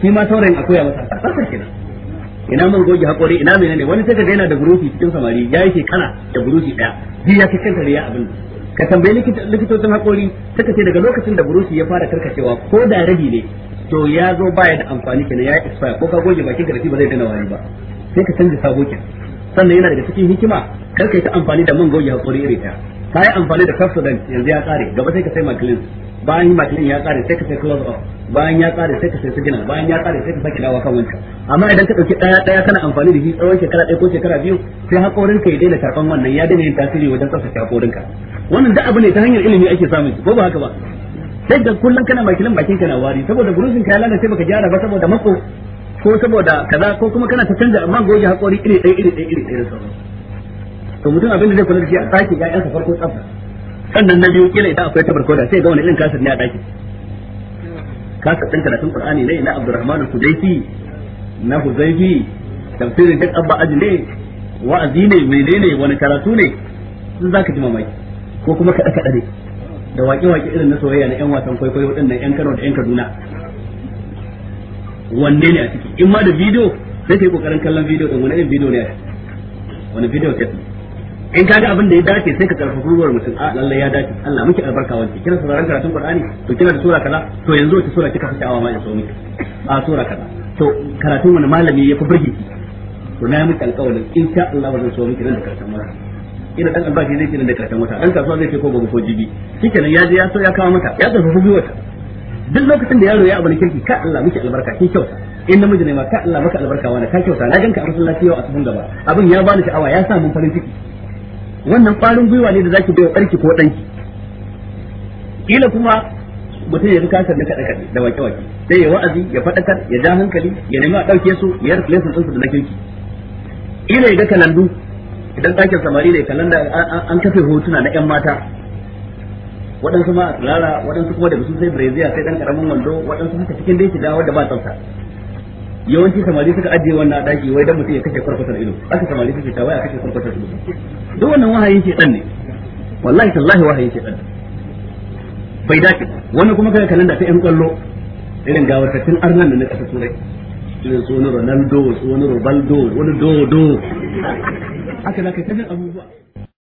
shi ma saurayin akwai ya masa sarki kenan ina mun goge hakori ina menene wani sai ka ga yana da burusi cikin samari ya yayi shekara da burusi daya ji ya kanta ya abin ka tambayi likitocin hakori suka ce daga lokacin da burusi ya fara karkacewa ko da rabi ne to ya zo baya da amfani kenan ya expire ko ka goge bakin ka da shi ba zai dana wani ba sai ka canza sabo kenan sannan yana daga cikin hikima kar kai ta amfani da man goge hakuri iri ta ka yi amfani da Pepsodent yanzu ya tsare gaba sai ka sai makilin bayan makilin ya tsare sai ka sai Close off bayan ya tsare sai ka sai Sigina bayan ya tsare sai ka sake dawa kan wancan amma idan ka dauki daya daya kana amfani da shi tsawon shekara ɗaya ko shekara biyu sai hakorin ka ya daina karban wannan ya daina yin tasiri wajen tsaftace hakorin ka wannan duk abu ne ta hanyar ilimi ake samu ko ba haka ba sai da kullum kana makilin bakin na wari saboda burushin ka ya lalace baka gyara ba saboda mako ko saboda kaza ko kuma kana ta canza amma goge hakori iri ɗaya iri ɗaya iri ɗaya da sauran to mutum abin da zai kula da shi a sake ga 'yansa farko tsafta sannan na biyu kila idan akwai tabarko da sai ga wani irin kasar ne a ɗaki kasar ɗin karatun Qur'ani ne na Abdurrahman al-Kudaisi na Huzaifi tafsirin duk abba aji ne wa'azi ne menene wani karatu ne sun zaka ji mamaki ko kuma kaɗa kaɗa ne da waƙe-waƙe irin na soyayya na 'yan wasan kwaikwayo waɗannan 'yan Kano da 'yan Kaduna wanne ne a ciki in ma da bidiyo sai ka yi kokarin kallon bidiyo ɗin wani irin bidiyo ne a ciki wani bidiyo ke in ka ga abin da ya dace sai ka karfafa ruwar mutum a lallai ya dace Allah muke albarka wanke kina sa zaran karatun Qur'ani to kina da sura kaza to yanzu wata sura kika fi sha'awa ma ya so miki a sura kaza to karatun wani malami ya fi burge ki to na miki alƙawarin in sha Allah ba zan so miki nan da karatun mara ina dan albashi zai ce nan da karatun wata dan kasuwa zai ce ko gobe ko jibi shikenan ya je ya so ya kawo mata ya karfafa gwiwata duk lokacin da yaro ya abu na kirki ka Allah miki albarka kin kyauta in namiji ne ma ka Allah maka albarka wani ka kyauta na ganka a masallaci lafiya a cikin gaba abin ya bani sha'awa ya sa mun farin ciki wannan kwarin gwiwa ne da zaki bai karki ko danki kila kuma mutum ya duka kasar na kaɗa kaɗe da wake wake sai ya wa'azi ya faɗakar ya ja hankali ya nemi a ɗauke su ya rufe su da na kirki Ila ya ga kalandu idan ɗakin samari ne kalanda an kafe hotuna na 'yan mata waɗansu ma a tsirara waɗansu kuma daga su sai breziya sai ɗan ƙaramin wando waɗansu suka cikin dai shiga wadda ba tsafta yawanci samari suka ajiye wannan a ɗaki wai dan mutum ya kashe kwarkwatar ido aka samari suke ta wai a kashe kwarkwatar ido duk wannan wahayin shedan ne wallahi tallahi wahayin shedan bai dace wani kuma kaga kalanda ta yan kwallo irin gawartattun arnan da na ƙasa turai irin su wani ronaldo su wani robaldo wani dodo haka na kai yi abubuwa